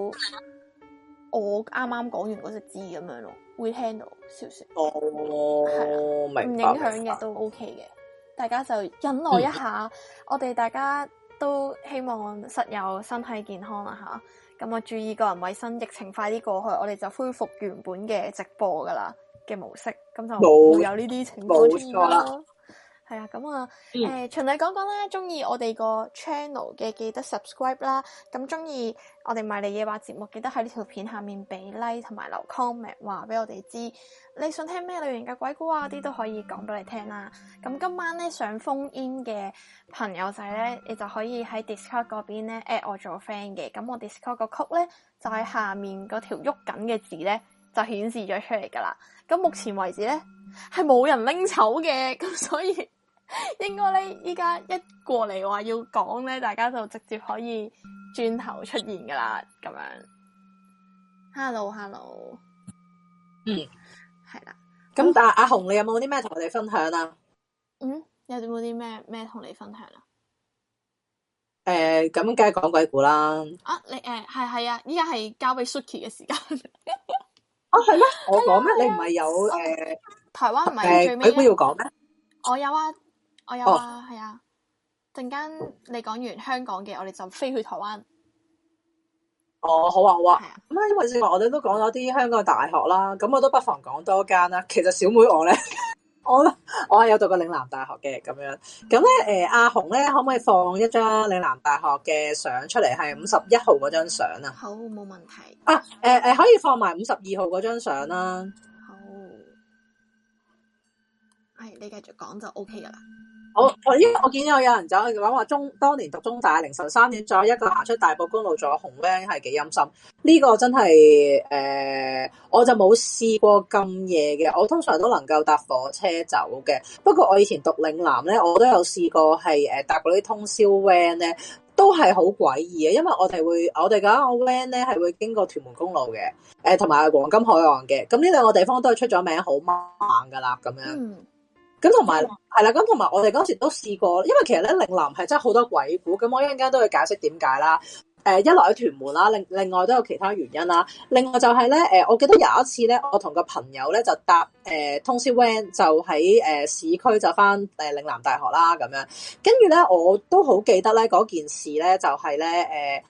我啱啱講完嗰隻字咁樣咯，會聽到少少。哦，係啊的，唔白影響嘅都 O K 嘅，大家就忍耐一下。嗯、我哋大家都希望室友身體健康啦，吓咁啊，注意個人衛生，疫情快啲過去，我哋就恢復原本嘅直播噶啦嘅模式，咁就冇有呢啲情況出現啦。係啊，咁啊、嗯，誒、嗯，循例講講啦。中意我哋個 channel 嘅記得 subscribe 啦，咁中意我哋賣嘢嘅話節目記得喺呢條片下面俾 like 同埋留 comment 話俾我哋知，你想聽咩類型嘅鬼故啊啲都可以講俾你聽啦。咁今晚咧想 phone in 嘅朋友仔咧，你就可以喺 Discord 嗰邊咧 at 我做 friend 嘅，咁我 Discord 個曲咧就喺下面嗰條喐緊嘅字咧就顯示咗出嚟噶啦。咁目前為止咧係冇人拎籌嘅，咁所以。 應該咧，依家一過嚟話要講咧，大家就直接可以轉頭出現噶啦，咁樣。Hello，Hello，hello. 嗯，係啦的。咁但阿紅，你有冇啲咩同我哋分享啊？嗯，有冇啲咩咩同你分享啊？誒、嗯，咁梗係講鬼故啦。啊，你誒係係啊，依家係交俾 Suki 嘅時間。哦，係、okay. 咩？我講咩？你唔係有誒，台灣唔係誒，佢都要講咩？我有啊。我有啊，係啊！陣間你講完香港嘅，我哋就飛去台灣。哦，oh, 好啊，好啊。咁咧、啊，因為先話我哋都講咗啲香港嘅大學啦，咁我都不妨講多間啦。其實小妹我咧， 我我係有讀過嶺南大學嘅，咁樣。咁咧，誒、呃，阿紅咧，可唔可以放一張嶺南大學嘅相出嚟？係五十一號嗰張相啊。好，冇問題。啊，誒、呃、誒，可以放埋五十二號嗰張相啦。好。係、哎，你繼續講就 OK 噶啦。我我、這、依、個、我見咗有人走去講話中當年讀中大凌晨三點再一個行出大埔公路仲有紅 van 係幾陰森呢、這個真係誒、呃、我就冇試過咁夜嘅我通常都能夠搭火車走嘅不過我以前讀嶺南咧我都有試過係誒搭嗰啲通宵 van 咧都係好詭異嘅因為我哋會我哋嗰個 van 咧係會經過屯門公路嘅誒同埋黃金海岸嘅咁呢兩個地方都係出咗名好猛噶啦咁樣。嗯咁同埋，係啦，咁同埋我哋嗰時都試過，因為其實咧，嶺南係真係好多鬼故，咁我一陣間都會解釋點解啦。誒、呃、一來喺屯門啦，另另外都有其他原因啦。另外就係、是、咧，誒、呃，我記得有一次咧，我同個朋友咧就搭誒、呃、通宵 van，就喺誒、呃、市區就返誒嶺南大學啦咁樣。跟住咧，我都好記得咧嗰件事咧，就係、是、咧，誒、呃，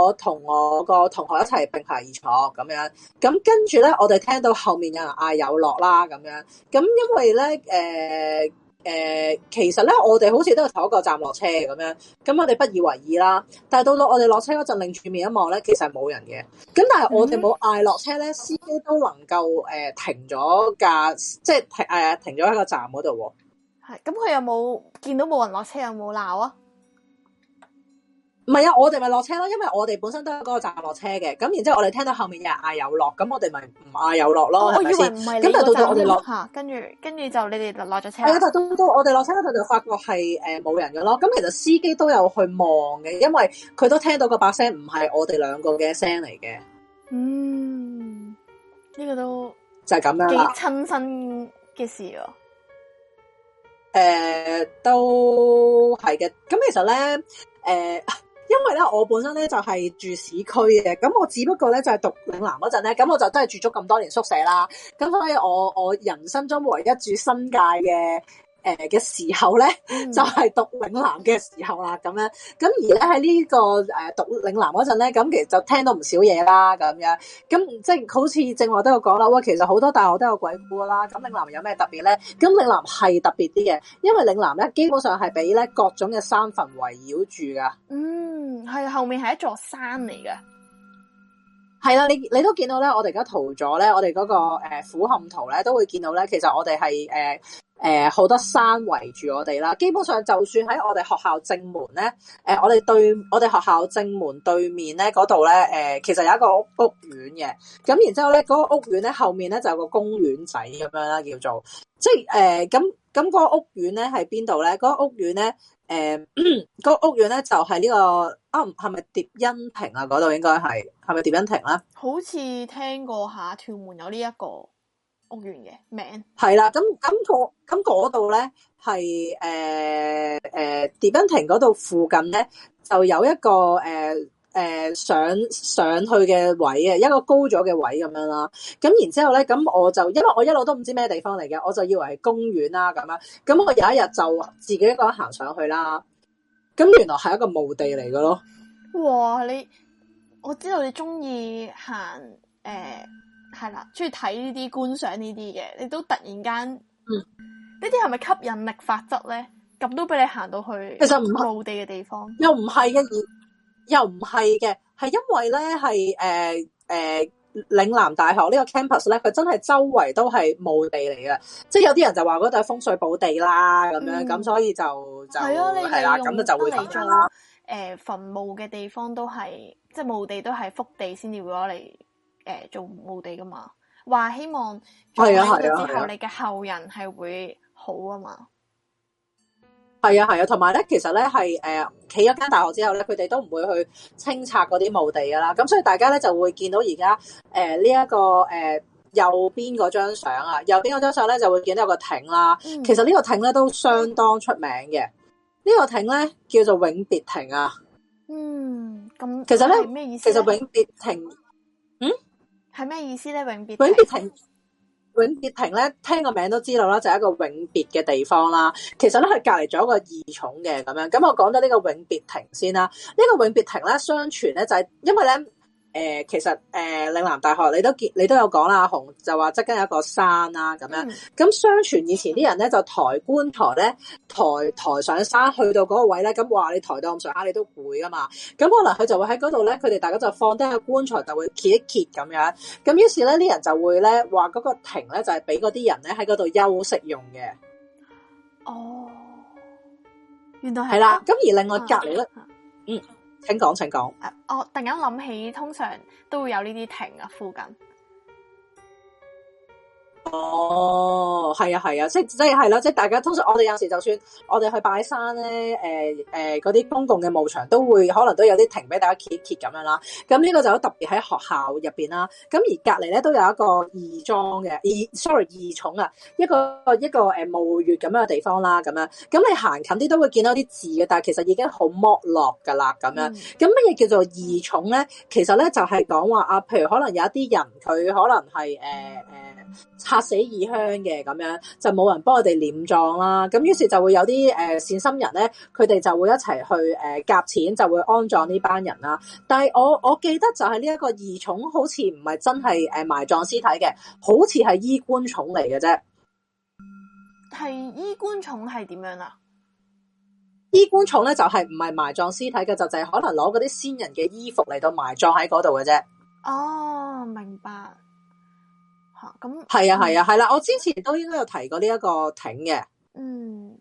我同我個同學一齊並排而坐咁樣。咁跟住咧，我哋聽到後面有人嗌有落啦咁樣。咁因為咧，誒、呃。誒、呃，其實咧，我哋好似都係同一個站落車咁樣，咁我哋不以為意啦。但係到到我哋落車嗰陣，另全面一望咧，其實係冇人嘅。咁但係我哋冇嗌落車咧，司機都能夠誒、呃、停咗架，即係停誒、呃、停咗喺個站嗰度。係咁，佢有冇見到冇人落車？有冇鬧啊？唔係啊！我哋咪落車咯，因為我哋本身都喺嗰個站落車嘅。咁然之後，我哋聽到後面有人嗌有落，咁我哋咪唔嗌有落咯。我、哦、吧以為唔係你咁但係到我哋落、啊，跟住跟住就你哋落咗車。係啊，但係到我哋落車嗰陣就發覺係誒冇人嘅咯。咁其實司機都有去望嘅，因為佢都聽到聲個把聲唔係我哋兩個嘅聲嚟嘅。嗯，呢、這個都就係咁樣啦。幾親身嘅事喎、啊呃。都係嘅。咁其實咧，誒、呃。呃因為咧，我本身咧就係住市區嘅，咁我只不過咧就係讀嶺南嗰陣咧，咁我就真係住咗咁多年宿舍啦，咁所以我我人生中唯一住新界嘅。誒嘅、呃、時候咧，嗯、就係讀嶺南嘅時候啦，咁樣咁而咧喺呢、呢個誒、呃、讀嶺南嗰陣咧，咁其實就聽到唔少嘢啦，咁樣咁即係好似正話都有講啦，喂，其實好多大學都有鬼故噶啦，咁嶺南有咩特別咧？咁嶺南係特別啲嘅，因為嶺南咧基本上係俾咧各種嘅山墳圍繞住噶。嗯，係後面係一座山嚟嘅，係啦，你你都見到咧，我哋而家塗咗咧，我哋嗰、嗰個誒俯瞰圖咧都會見到咧，其實我哋係誒。呃呃呃誒好、呃、多山圍住我哋啦，基本上就算喺我哋學校正門咧，誒、呃、我哋對我哋學校正門對面咧嗰度咧，誒、呃、其實有一個屋屋苑嘅，咁然之後咧嗰、那個屋苑咧後面咧就有個公園仔咁樣啦，叫做即係誒咁咁個屋苑咧喺邊度咧？嗰、那個屋苑咧誒嗰個屋苑咧就係、是、呢、這個啊，係咪疊茵庭啊？嗰度應該係係咪疊茵庭咧？好似聽過下，屯門有呢、這、一個。公園嘅名係啦，咁咁個咁嗰度咧，係誒誒迪賓亭嗰度附近咧，就有一個誒誒、欸、上上去嘅位啊，一個高咗嘅位咁樣啦。咁然之後咧，咁我就因為我一路都唔知咩地方嚟嘅，我就以為係公園啦咁樣。咁我有一日就自己一個人行上去啦。咁原來係一個墓地嚟嘅咯。哇、喔！你我知道你中意行誒。欸係啦，中意睇呢啲觀賞呢啲嘅，你都突然間，呢啲係咪吸引力法則咧？咁都俾你行到去，其實唔係墓地嘅地方，又唔係嘅，又唔係嘅，係因為咧係誒誒嶺南大學個呢個 campus 咧，佢真係周圍都係墓地嚟嘅，即係有啲人就話嗰度係風水寶地啦，咁、嗯、樣咁所以就、嗯、就係、啊、啦，咁就就會投啦。誒、呃，墳墓嘅地方都係，即係墓地都係福地，先至會攞嚟。誒，做墓地噶嘛？話希望，係啊係啊，之後、啊啊、你嘅後人係會好啊嘛？係啊係啊，同埋咧，其實咧係誒，企、呃、一間大學之後咧，佢哋都唔會去清拆嗰啲墓地噶啦。咁所以大家咧就會見到而家誒呢一個誒、呃、右邊嗰張相啊，右邊嗰張相咧就會見到有個亭啦。嗯、其實個艇呢個亭咧都相當出名嘅。這個、艇呢個亭咧叫做永別亭啊嗯。嗯，咁其實咧咩意思？其實永別亭，嗯？係咩意思咧？永別永別亭，永別亭咧，聽個名都知道啦，就係、一個永別嘅地方啦。其實咧，佢隔籬咗有一個二重嘅咁樣。咁我講咗呢個永別亭先啦。呢、呢個永別亭咧，相傳咧就係、係、因為咧。誒，其實誒，嶺南大學你都見，你都有講啦，紅就話側邊有一個山啦咁樣。咁相傳以前啲人咧就抬棺材咧，抬抬上山，去到嗰個位咧，咁話你抬到咁上下，你都攰㗎嘛。咁可能佢就會喺嗰度咧，佢哋大家就放低個棺材，就會揭一揭咁樣。咁於是咧，啲人就會咧話嗰個亭咧就係俾嗰啲人咧喺嗰度休息用嘅。哦，原來係係啦。咁而另外隔籬咧，嗯。請講，請講。誒、啊，我突然間諗起，通常都會有呢啲亭啊，附近。哦，係、oh, 啊，係啊，即即係啦，即係、啊、大家通常我哋有時就算我哋去拜山咧，誒、呃、誒，嗰、呃、啲公共嘅墓場都會可能都有啲停俾大家揭揭咁樣啦。咁呢個就特別喺學校入邊啦。咁而隔籬咧都有一個義莊嘅義，sorry 義塚啊，一個一個誒墓穴咁樣嘅地方啦。咁樣咁你行近啲都會見到啲字嘅，但係其實已經好剝落噶啦。咁樣咁乜嘢叫做義塚咧？其實咧就係講話啊，譬如可能有一啲人佢可能係誒誒。啊嗯嗯呃嗯嗯嗯嗯嗯拆死異鄉嘅咁樣，就冇人幫佢哋殮葬啦。咁於是就會有啲誒、呃、善心人咧，佢哋就會一齊去誒夾、呃、錢，就會安葬呢班人啦。但係我我記得就係呢一個異塚，好似唔係真係誒埋葬屍體嘅，好似係衣冠塚嚟嘅啫。係衣冠塚係點樣啊？衣冠塚咧就係唔係埋葬屍體嘅，就就係可能攞嗰啲先人嘅衣服嚟到埋葬喺嗰度嘅啫。哦，明白。咁係啊係啊係啦、啊嗯啊啊，我之前都應該有提過呢一個挺嘅。嗯。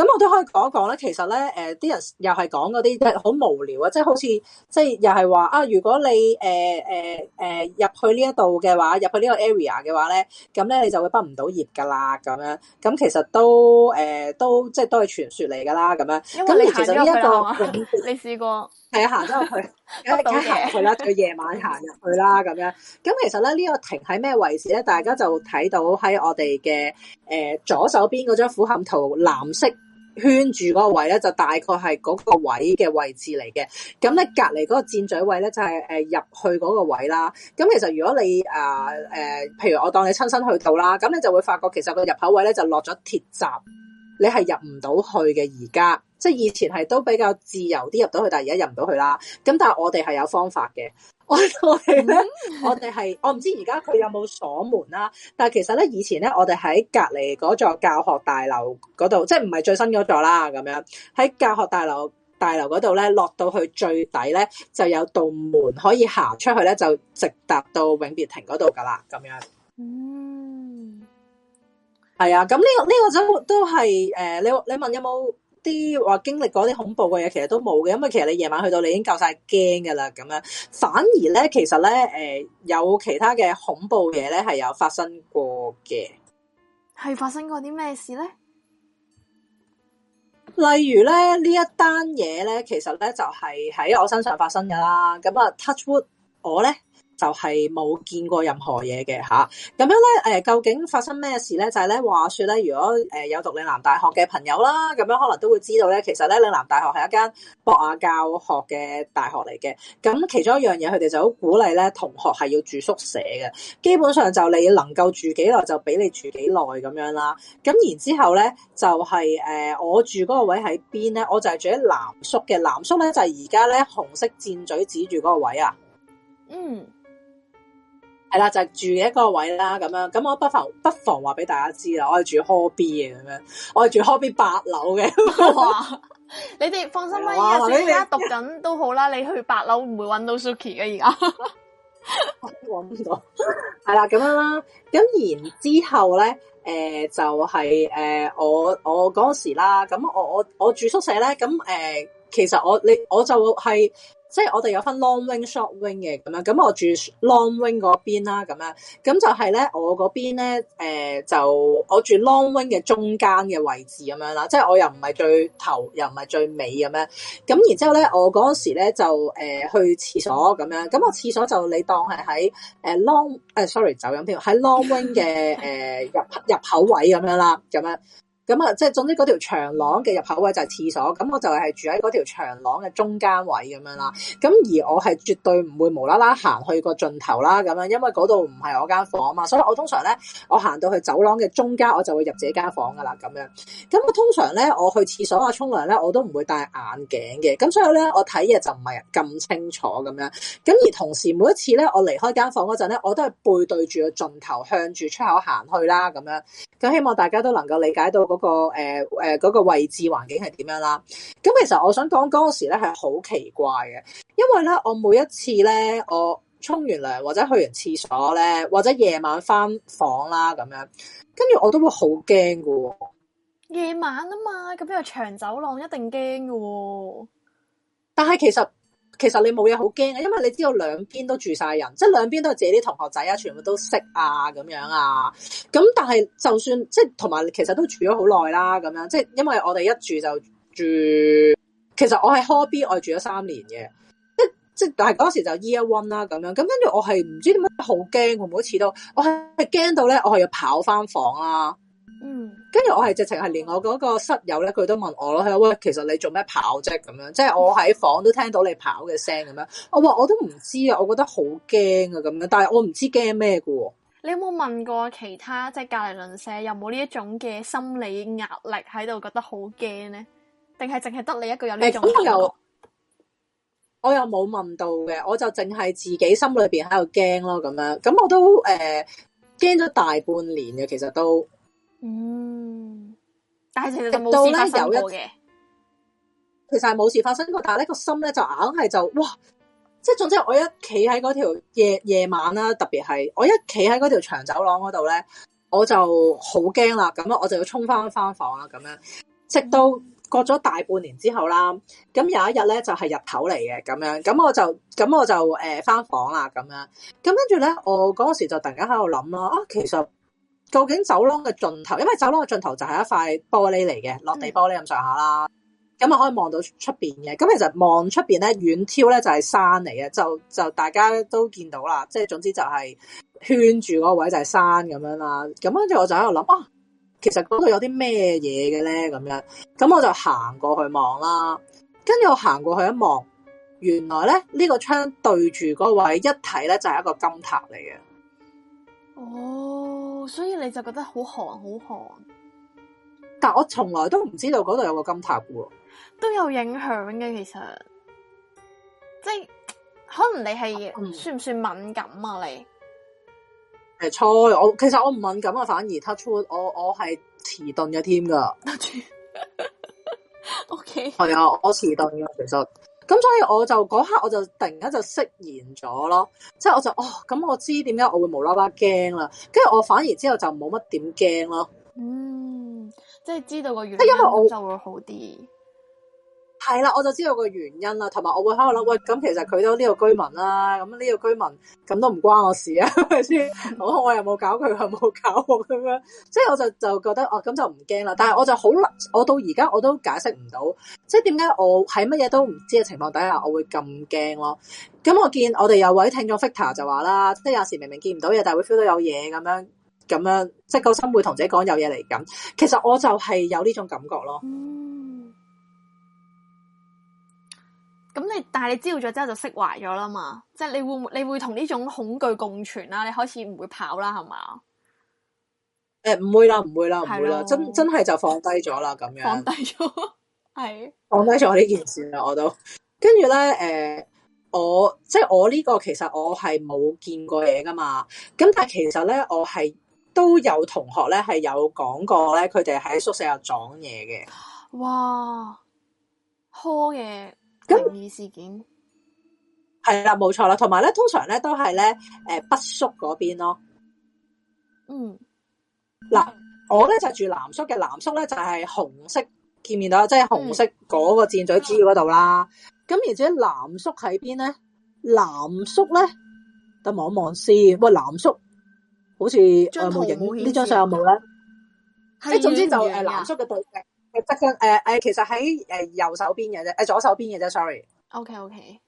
咁我都可以講一講咧，其實咧，誒啲人又係講嗰啲好無聊啊，即係好似即係又係話啊，如果你誒誒誒入去呢一度嘅話，入去呢個 area 嘅話咧，咁咧你就會畢唔到業噶啦，咁樣咁其實都誒都即係都係傳說嚟噶啦，咁樣。因為其實呢一個你試過係啊，行咗入去，而家行去啦，佢夜晚行入去啦，咁樣。咁其實咧呢個停喺咩位置咧，大家就睇到喺我哋嘅誒左手邊嗰張俯瞰圖，藍色。圈住嗰個位咧，就大概係嗰個位嘅位置嚟嘅。咁咧，隔籬嗰個箭嘴位咧，就係誒入去嗰個位啦。咁其實如果你誒誒、呃呃，譬如我當你親身去到啦，咁你就會發覺其實個入口位咧就落咗鐵閘，你係入唔到去嘅而家。即係以前係都比較自由啲入到去，但係而家入唔到去啦。咁但係我哋係有方法嘅。我呢 我哋咧，我哋係我唔知而家佢有冇鎖門啦、啊。但係其實咧，以前咧，我哋喺隔籬嗰座教學大樓嗰度，即係唔係最新嗰座啦。咁樣喺教學大樓大樓嗰度咧，落到去最底咧，就有道門可以行出去咧，就直達到永別亭嗰度噶啦。咁樣嗯，係啊。咁呢個呢個都都係誒，你你問有冇？啲話經歷過啲恐怖嘅嘢，其實都冇嘅，因為其實你夜晚去到你已經夠晒驚噶啦，咁樣。反而咧，其實咧，誒、呃，有其他嘅恐怖嘢咧，係有發生過嘅。係發生過啲咩事咧？例如咧，一呢一單嘢咧，其實咧就係、是、喺我身上發生噶啦。咁啊，Touchwood，我咧。就係冇見過任何嘢嘅嚇，咁、啊、樣咧誒，究竟發生咩事咧？就係、是、咧話説咧，如果誒、呃、有讀嶺南大學嘅朋友啦，咁樣可能都會知道咧，其實咧嶺南大學係一間博雅教學嘅大學嚟嘅。咁、啊、其中一樣嘢，佢哋就好鼓勵咧同學係要住宿舍嘅，基本上就你能夠住幾耐就俾你住幾耐咁樣啦。咁、啊啊、然之後咧就係、是、誒、呃、我住嗰個位喺邊咧？我就係住喺南宿嘅南宿咧，就係而家咧紅色箭嘴指住嗰個位啊，嗯。Mm. 係啦，就係住嘅一個位啦，咁樣，咁我不妨不妨話俾大家知啦，我係住 Hall B 嘅咁樣，我係住 Hall B 八樓嘅。 你哋放心啦，而家先而家讀緊都好啦，你去八樓唔會搵到 Suki 嘅而家。搵唔到。係啦，咁樣啦，咁然之後咧，誒就係誒我我嗰時啦，咁我我我住宿舍咧，咁誒、呃、其實我你我就係、是。即係我哋有分 long wing、short wing 嘅咁樣，咁我住 long wing 嗰邊啦，咁樣，咁就係咧，我嗰邊咧，誒，就我住 long wing 嘅中間嘅位置咁樣啦，即係我又唔係最頭，又唔係最尾咁樣，咁然之後咧，我嗰時咧就誒、呃、去廁所咁樣，咁個廁所就你當係喺誒 long 誒、啊、sorry，走音添，喺 long wing 嘅誒、呃、入入口位咁樣啦，咁樣。咁啊，即係總之嗰條長廊嘅入口位就係廁所，咁我就係住喺嗰條長廊嘅中間位咁樣啦。咁而我係絕對唔會無啦啦行去個盡頭啦，咁樣，因為嗰度唔係我間房啊嘛。所以我通常咧，我行到去走廊嘅中間我就會入自己間房噶啦，咁樣，咁我通常咧，我去廁所啊、沖涼咧，我都唔會戴眼鏡嘅，咁所以咧，我睇嘢就唔係咁清楚咁樣，咁而同時每一次咧，我離開間房嗰陣咧，我都係背對住個盡頭向住出口行去啦，咁樣，咁希望大家都能夠理解到個誒誒個位置環境係點樣啦？咁其實我想講嗰時咧係好奇怪嘅，因為咧我每一次咧我沖完涼或者去完廁所咧或者夜晚翻房啦咁樣，跟住我都會好驚㗎。夜晚啊嘛，咁又長走廊，一定驚㗎。但係其實。其實你冇嘢好驚嘅，因為你知道兩邊都住晒人，即係兩邊都係自己啲同學仔啊，全部都識啊咁樣啊。咁但係就算即係同埋其實都住咗好耐啦，咁樣即係因為我哋一住就住，其實我喺 Hobby 我住咗三年嘅，即即係嗰時就 year one 啦咁樣，咁跟住我係唔知點解好驚，我每次都，我係驚到咧，我係要跑翻房啦。嗯，跟住我係直情係連我嗰個室友咧，佢都問我咯，佢話、喂、其實你做咩跑啫？咁樣即係我喺房都聽到你跑嘅聲咁樣。我話我都唔知啊，我覺得好驚啊咁樣。但係我唔知驚咩嘅。你有冇問過其他即係隔籬鄰舍，有冇呢一種嘅心理壓力喺度，覺得好驚咧？定係淨係得你一個有呢種感覺？我又冇問到嘅，我就淨係自己心裏邊喺度驚咯。咁樣，咁我都誒驚咗大半年嘅，其實都。嗯，但係其實都咧有，有一嘅，其實係冇事發生過，但係呢個心咧就硬係就哇，即係總之我一企喺嗰條夜夜晚啦，特別係我一企喺嗰條長走廊嗰度咧，我就好驚啦，咁我就要衝翻翻房啦，咁樣，直到過咗大半年之後啦，咁有一呢、就係、日咧就係日頭嚟嘅，咁樣，咁我就咁我就誒翻、呃、房啦，咁樣，咁跟住咧我嗰時就突然間喺度諗咯，啊其實。究竟走廊嘅盡頭，因為走廊嘅盡頭就係一塊玻璃嚟嘅，落地玻璃咁上下啦，咁啊、嗯、可以望到出邊嘅。咁其實望出邊咧，遠眺咧就係山嚟嘅，就就大家都見到啦，即係總之就係圈住嗰位就係山咁樣啦。咁跟住我就喺度諗啊，其實嗰度有啲咩嘢嘅咧？咁樣，咁我就行過去望啦。跟住我行過去一望，原來咧呢、呢個窗對住嗰位一睇咧就係一個金塔嚟嘅。哦。哦、所以你就覺得好寒，寒，好寒。但我從來都唔知道嗰度有個金塔噶喎，都有影響嘅其實，即係可能你係算唔算敏感啊？嗯、你誒，錯，我其實我唔敏感啊，反而 touch wood, 我我係遲鈍咗添噶。OK，係啊，我遲鈍嘅其實。咁所以我就嗰刻我就突然間就釋然咗咯，即係我就哦，咁我知點解我會無啦啦驚啦，跟住我反而之後就冇乜點驚咯，嗯，即係知道個原因，因為我，我就會好啲。係啦，我就知道個原因啦，同埋我會喺度諗，喂，咁其實佢都呢個居民啦，咁呢個居民咁都唔關我事啊，係咪先？好，我又冇搞佢，又冇搞我，咁樣，即係我就就覺得，哦，咁就唔驚啦。但係我就好，我到而家我都解釋唔到，即係點解我喺乜嘢都唔知嘅情況底下，我會咁驚咯。咁我見我哋有位聽眾 Victor 就話啦，即係有時明明見唔到嘢，但係會 feel 到有嘢咁樣，咁樣即係個心會同自己講有嘢嚟緊。其實我就係有呢種感覺咯。嗯咁你但係你知道咗之後就釋懷咗啦嘛？即係你會唔你會同呢種恐懼共存啦、啊？你開始唔會跑啦，係嘛？誒唔、欸、會啦，唔會啦，唔會啦，真真係就放低咗啦，咁樣放低咗係放低咗呢件事啦，我都跟住咧誒，我即係我呢個其實我係冇見過嘢噶嘛，咁但係其實咧我係都有同學咧係有講過咧，佢哋喺宿舍又撞嘢嘅，哇，磕嘅。靈異事件係啦，冇錯啦，同埋咧，通常咧都係咧，誒，北叔北宿嗰邊咯。嗯，嗱，我咧就住南宿嘅，南宿咧就係紅色，見唔見到？即係紅色嗰個箭嘴尖嗰度啦。咁而且藍宿喺邊咧？藍宿咧，等望一望先。喂，藍宿，好似有冇影呢張相有冇咧？即係總之就誒，南宿嘅對稱。誒誒，其實喺誒右手邊嘅啫，誒左手邊嘅啫，sorry。OK OK。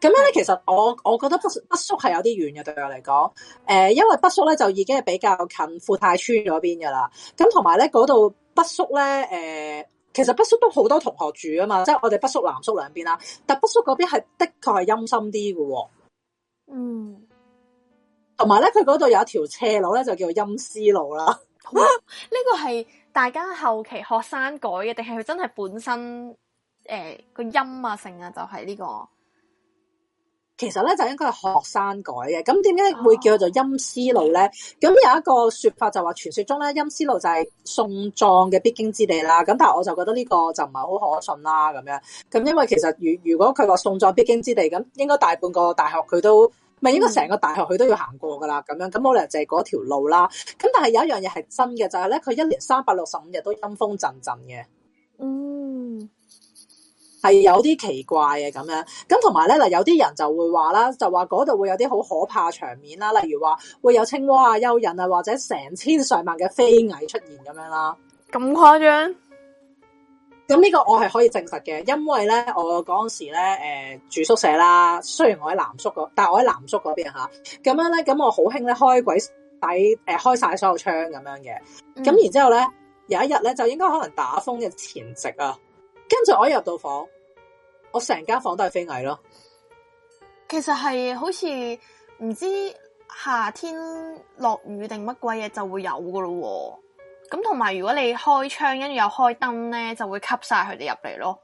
咁樣咧，其實我我覺得北北宿係有啲遠嘅，對我嚟講，誒，因為北宿咧就已經係比較近富泰村嗰邊噶啦。咁同埋咧，嗰度北宿咧，誒，其實北宿都好多同學住啊嘛，即係我哋北宿南宿兩邊啦。但北宿嗰邊係的確係陰森啲嘅。嗯。同埋咧，佢嗰度有一條斜路咧，就叫陰絲路啦。哇、 啊！呢個係。大家後期學生改嘅，定係佢真係本身誒、呃這個音啊，性啊，就係呢個。其實咧就應該係學生改嘅。咁點解會叫做陰司路咧？咁有一個說法就話，傳說中咧陰司路就係送葬嘅必經之地啦。咁但係我就覺得呢個就唔係好可信啦。咁樣咁因為其實如如果佢話送葬必經之地，咁應該大半個大學佢都。咪、嗯、應該成個大學佢都要行過噶啦，咁樣咁我哋就係嗰條路啦。咁但係有一樣嘢係真嘅，就係咧佢一年三百六十五日都陰風陣陣嘅。嗯，係有啲奇怪嘅咁樣。咁同埋咧嗱，有啲人就會話啦，就話嗰度會有啲好可怕場面啦，例如話會有青蛙啊、蚯蚓啊，或者成千上萬嘅飛蟻出現咁樣啦。咁誇張？咁呢個我係可以證實嘅，因為咧我嗰陣時咧誒、呃、住宿舍啦，雖然我喺南宿嗰，但係我喺南宿嗰邊吓，咁樣咧，咁我好興咧開鬼底誒、呃、開晒所有窗咁樣嘅，咁、嗯、然之後咧有一日咧就應該可能打風嘅前夕啊，跟住我一入到房，我成間房都係飛蟻咯。其實係好似唔知夏天落雨定乜鬼嘢，啊、就會有噶咯喎。咁同埋，如果你開窗跟住又開燈咧，就會吸晒佢哋入嚟咯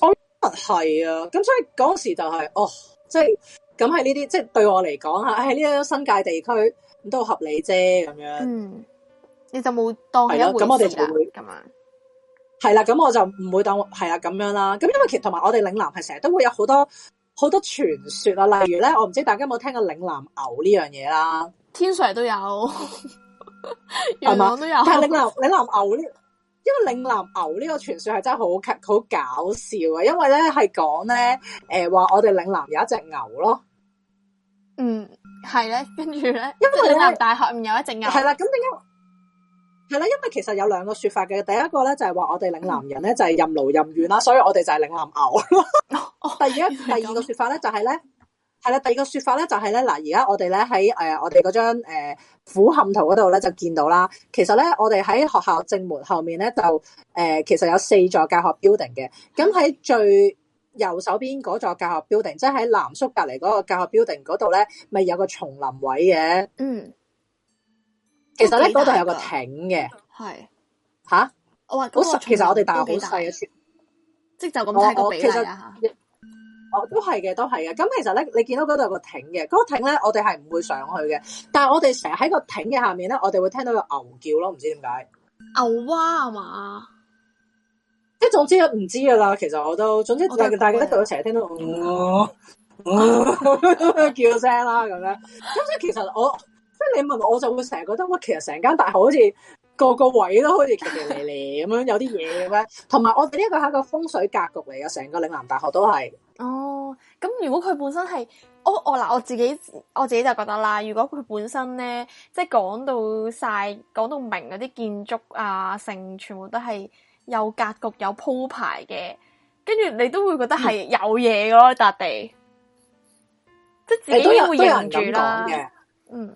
哦、就是。哦，係、就、啊、是，咁所以嗰時就係哦，即係咁喺呢啲，即係對我嚟講嚇喺呢啲新界地區咁都合理啫，咁樣。嗯，你就冇當係啊？咁我哋唔會咁樣。係啦，咁我就唔會當係啊咁樣啦。咁因為其實同埋我哋嶺南係成日都會有好多好多傳說啊，例如咧，我唔知大家有冇聽過嶺南牛呢樣嘢啦。天水都有。 係嘛都有 但，但係嶺南嶺南牛呢？因為嶺南牛呢個傳說係真係好好搞笑啊！因為咧係講咧，誒話、呃、我哋嶺南有一隻牛咯，嗯係咧，跟住咧，因為嶺南大學唔有一隻牛係啦，咁點解係啦？因為其實有兩個說法嘅，第一個咧就係、是、話我哋嶺南人咧、嗯、就係任勞任怨啦，所以我哋就係嶺南牛。 第二第二個說法咧就係咧。係啦，第二個說法咧就係、是、咧，嗱，而、呃、家我哋咧喺誒我哋嗰張誒俯瞰圖嗰度咧就見到啦。其實咧我哋喺學校正門後面咧就誒、呃、其實有四座教學 building 嘅。咁喺、嗯、最右手邊嗰座教學 building，即係喺南宿隔籬嗰個教學 building 嗰度咧，咪有個叢林位嘅。嗯，其實咧嗰度有個亭嘅。係、嗯，吓，啊、我話、那個、其實我哋大學好細嘅即就咁睇個比例哦都係嘅，都係嘅。咁其實咧，你見到嗰度有個艇嘅，嗰個艇咧，我哋係唔會上去嘅。但係我哋成日喺個艇嘅下面咧，我哋會聽到個牛叫咯，唔知點解。牛蛙係嘛？即係總之唔知㗎啦。其實我都總之，大大家一度成日聽到叫聲啦，咁樣。咁所以其實我即係你問我，我就會成日覺得，喂，其實成間大學好似個個位都好似奇奇離離咁樣，有啲嘢咁樣。同埋我哋呢一個係一個風水格局嚟嘅，成個嶺南大學都係。哦，咁如果佢本身係，哦，我嗱，我自己我自己就覺得啦，如果佢本身咧，即係講到晒，講到明嗰啲建築啊，成全部都係有格局、有鋪排嘅，跟住你都會覺得係有嘢咯笪地，即係自己都會認住啦。嗯。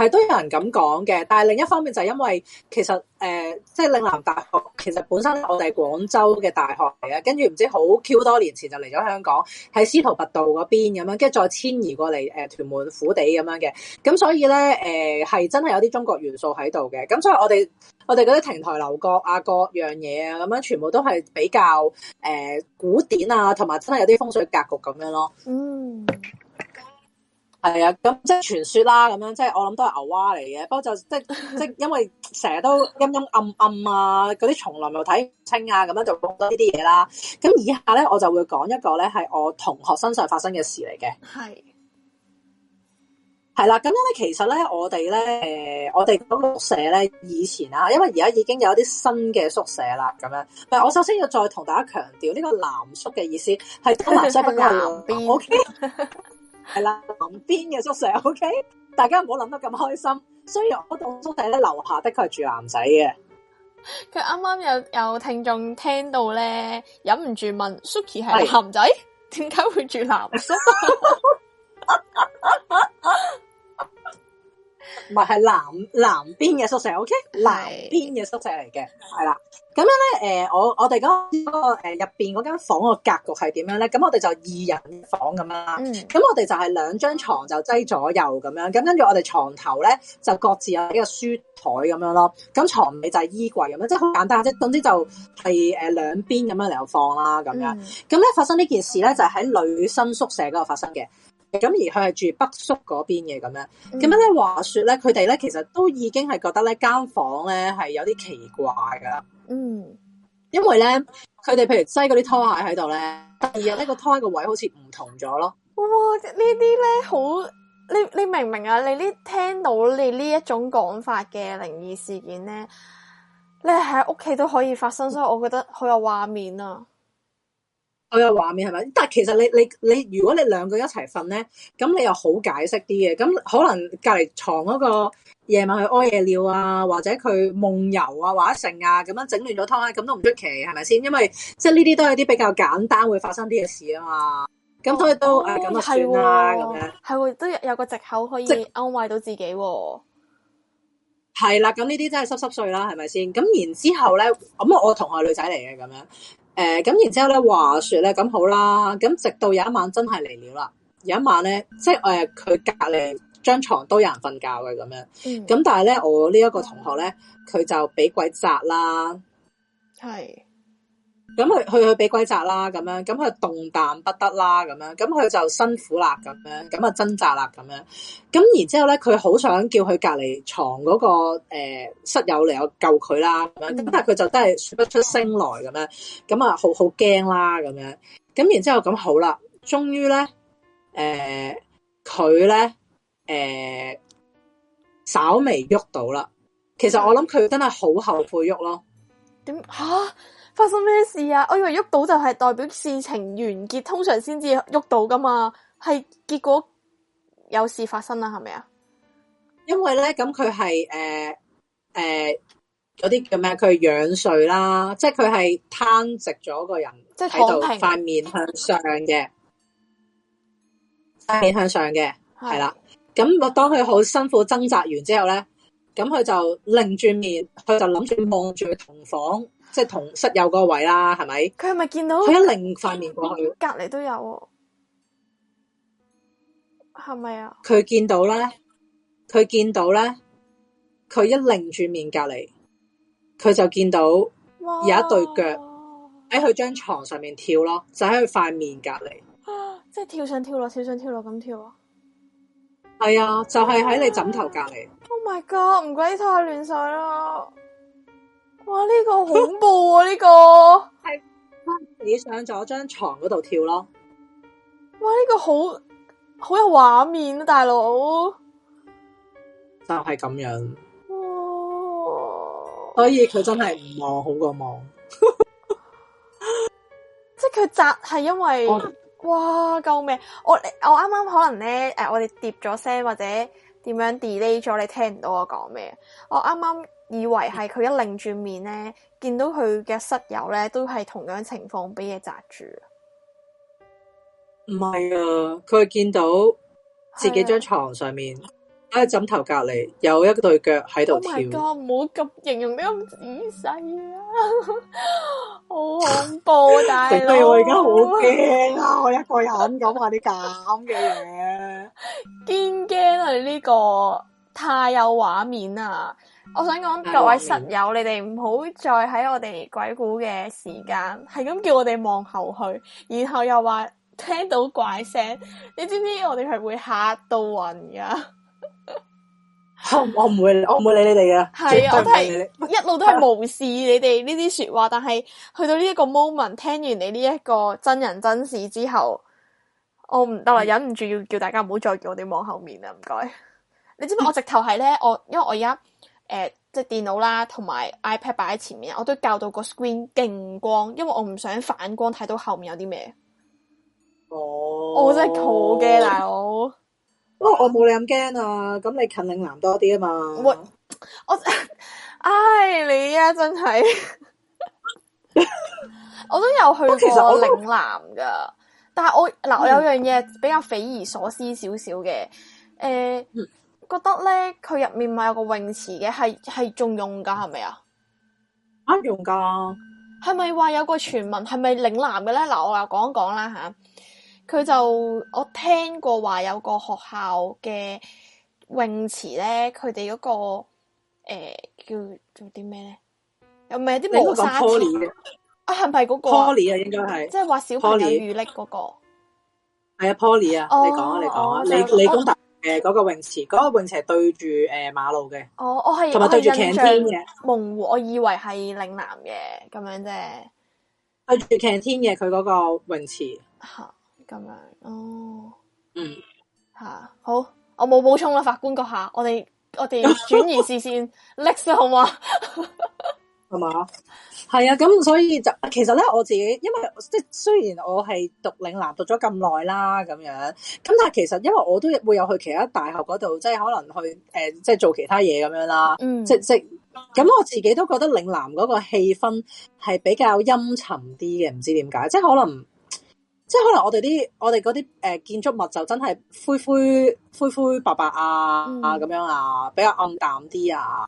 係都有人咁講嘅，但係另一方面就係因為其實誒，即係嶺南大學其實本身我哋廣州嘅大學嚟嘅，跟住唔知好 Q 多年前就嚟咗香港，喺司徒拔道嗰邊咁樣，跟住再遷移過嚟誒屯門虎地咁樣嘅，咁所以呢，誒、呃、係真係有啲中國元素喺度嘅，咁所以我哋我哋嗰啲亭台樓閣啊，各樣嘢啊，咁樣全部都係比較誒、呃、古典啊，同埋真係有啲風水格局咁樣咯。嗯。係啊，咁即係傳說啦，咁樣即係我諗都係牛蛙嚟嘅，不過就即係即係因為成日都陰陰暗暗啊，嗰啲叢林又睇唔清啊，咁樣就講多呢啲嘢啦。咁以下咧，我就會講一個咧係我同學身上發生嘅事嚟嘅。係是，係啦，咁因為其實咧，我哋咧，誒，我哋宿舍咧以前啊，因為而家已經有一啲新嘅宿舍啦，咁樣。唔，我首先要再同大家強調，呢、這個南宿嘅意思係東南西北嘅南，O K。 係啦，南邊嘅宿舍，OK，大家唔好諗得咁開心。雖然我棟宿舍咧樓下，的確係住男仔嘅。佢啱啱有有聽眾聽到咧，忍唔住問：Suki 係男仔，點解是會住男？ 唔係，係南南邊嘅宿舍，O K，南邊嘅宿舍嚟嘅，係啦的。咁樣咧，誒、呃，我我哋嗰、那個誒入邊間房個格局係點樣咧？咁我哋就二人房咁啦。咁、嗯、我哋就係兩張床就擠左右咁樣。咁跟住我哋床頭咧就各自有一個書台咁樣咯。咁床尾就係衣櫃咁樣，即係好簡單，即係總之就係誒兩邊咁樣嚟度放啦，咁樣。咁咧、嗯、發生呢件事咧就喺、是、女生宿舍嗰度發生嘅。咁而佢係住北宿嗰邊嘅，咁樣，咁樣咧話說咧，佢哋咧其實都已經係覺得咧間房咧係有啲奇怪噶啦。嗯，因為咧，佢哋譬如擠嗰啲拖鞋喺度咧，第二日呢個拖鞋個位好似唔同咗咯。哇，呢啲咧好，你你明唔明啊？你呢聽到你呢一種講法嘅靈異事件咧，你喺屋企都可以發生，所以我覺得好有畫面啊！我有畫面係咪？但係其實你你你，如果你兩個一齊瞓咧，咁你又好解釋啲嘅。咁可能隔籬床嗰個夜晚去屙夜尿啊，或者佢夢遊啊，或者成啊，咁樣整亂咗湯啊，咁都唔出奇，係咪先？因為即係呢啲都係啲比較簡單會發生啲嘅事啊嘛。咁所以都誒，咁、哦哎呃、就算啦，咁、啊、樣係喎、啊，都有個借口可以安慰到自己、啊。係啦，咁、啊、呢啲真係濕濕碎啦，係咪先？咁然之後咧，咁我同學女仔嚟嘅，咁樣。誒，咁、呃、然之後咧，話說咧，咁好啦，咁直到有一晚真係嚟了啦，有一晚咧，即係誒，佢隔籬張床都有人瞓覺嘅咁樣，咁、嗯、但係咧，我呢一個同學咧，佢就俾鬼砸啦，係。咁佢佢佢俾鬼責啦，咁樣咁佢動彈不得啦，咁樣咁佢就辛苦啦，咁樣咁啊掙扎啦，咁樣咁然之後咧，佢好想叫佢隔籬床嗰、那個誒、呃、室友嚟救佢啦，咁樣咁但係佢就真係說不出聲來，咁樣咁啊好好驚啦，咁樣咁然之後咁好啦，終於咧誒佢咧誒稍微喐到啦，其實我諗佢真係好後悔喐咯，點吓？啊發生咩事啊？我以為喐到就係代表事情完結，通常先至喐到噶嘛。係結果有事發生啦，係咪啊？因為咧，咁佢係誒誒嗰啲叫咩？佢係仰睡啦，即係佢係攤直咗個人，即係喺度，塊面向上嘅，塊面向上嘅，係啦。咁我當佢好辛苦掙扎完之後咧。咁佢就擰住面，佢就諗住望住佢同房，即係同室友個位啦，係咪？佢係咪見到？佢一擰塊面過去，隔籬都有，係咪啊？佢、啊、見到咧，佢見到咧，佢一擰住面隔籬，佢就見到有一對腳喺佢張床上面跳咯，就喺佢塊面隔籬，即係跳上跳落，跳上跳落咁跳啊！係啊，就係、是、喺你枕頭隔籬。Oh、my God！唔鬼太亂水啦，哇！呢、這個恐怖啊，呢、 這個係你上咗張床嗰度跳咯。 哇！呢、這個好好有畫面啊，大佬就係咁樣。 所以佢真係唔望好過望， 即係佢扎係因為 哇！救命！我我啱啱可能咧誒，我哋跌咗聲或者。點樣 delay 咗你聽唔到我講咩？我啱啱以為係佢一擰轉面咧，見到佢嘅室友咧都係同樣情況畀嘢，紮住。唔係啊，佢係見到自己張床上面。喺枕頭隔籬有一對腳喺度跳，唔好咁形容得咁仔細啊！ 好恐怖啊，大佬！ 我而家好驚啊！我一個人咁話啲咁嘅嘢，堅驚 啊！呢、這個太有畫面啦、啊！我想講，各位室友，你哋唔好再喺我哋鬼故嘅時間係咁叫我哋望後去，然後又話聽到怪聲，你知唔知我哋係會嚇到暈噶？我唔會，我唔會理你哋嘅，的是我一路都係無視你哋呢啲說話。 但係去到呢一個 moment，聽完你呢一個真人真事之後，我唔得啦，忍唔住要叫大家唔好再叫我哋望後面啦，唔該。 你知唔知我直頭係咧？我因為我而家誒，即係電腦啦，同埋 iPad 擺喺前面，我都較到個 screen 勁光，因為我唔想反光睇到後面有啲咩。哦，oh. 我真係好驚大佬。哦、我我冇你咁驚啊！咁你近嶺南多啲啊嘛。我唉、哎、你啊，真係 我都有去過嶺南噶，但係我嗱我、呃、我有樣嘢比較匪夷所思少少嘅，誒、嗯呃，覺得咧佢入面咪有個泳池嘅，係係仲用噶係咪啊？啱用噶？係咪話有個傳聞係咪嶺南嘅咧？嗱，我又講一講啦吓。佢就我聽過話有個學校嘅泳池咧，佢哋嗰個、欸、叫做啲咩咧？有咩係啲冇沙場嘅啊？係唔係嗰個？Poly 啊，應該係即係畫小朋友魚鈪嗰個係啊，Poly 啊！你講啊，oh, 你講啊！李李公達誒嗰個泳池，嗰、嗰個泳池係對住誒馬路嘅。哦，我係同埋對住 canteen 嘅蒙湖，我以為係嶺南嘅咁樣啫。對住 canteen 嘅佢嗰個泳池嚇。咁樣哦，嗯，吓、啊、好，我冇補充啦，法官閣下，我哋我哋轉移視線 ，next 好唔好？係 嘛，係啊，咁所以就其實咧，我自己因為即係雖然我係讀嶺南讀咗咁耐啦，咁樣，咁但係其實因為我都會有去其他大學嗰度，即係可能去誒、呃，即係做其他嘢，咁樣啦，嗯，即係咁，即我自己都覺得嶺南嗰個氣氛係比較陰沉啲嘅，唔知點解，即係可能。即係可能我哋啲我哋嗰啲誒建築物就真係灰灰灰灰白白啊啊咁、嗯、樣啊，比較暗淡啲啊，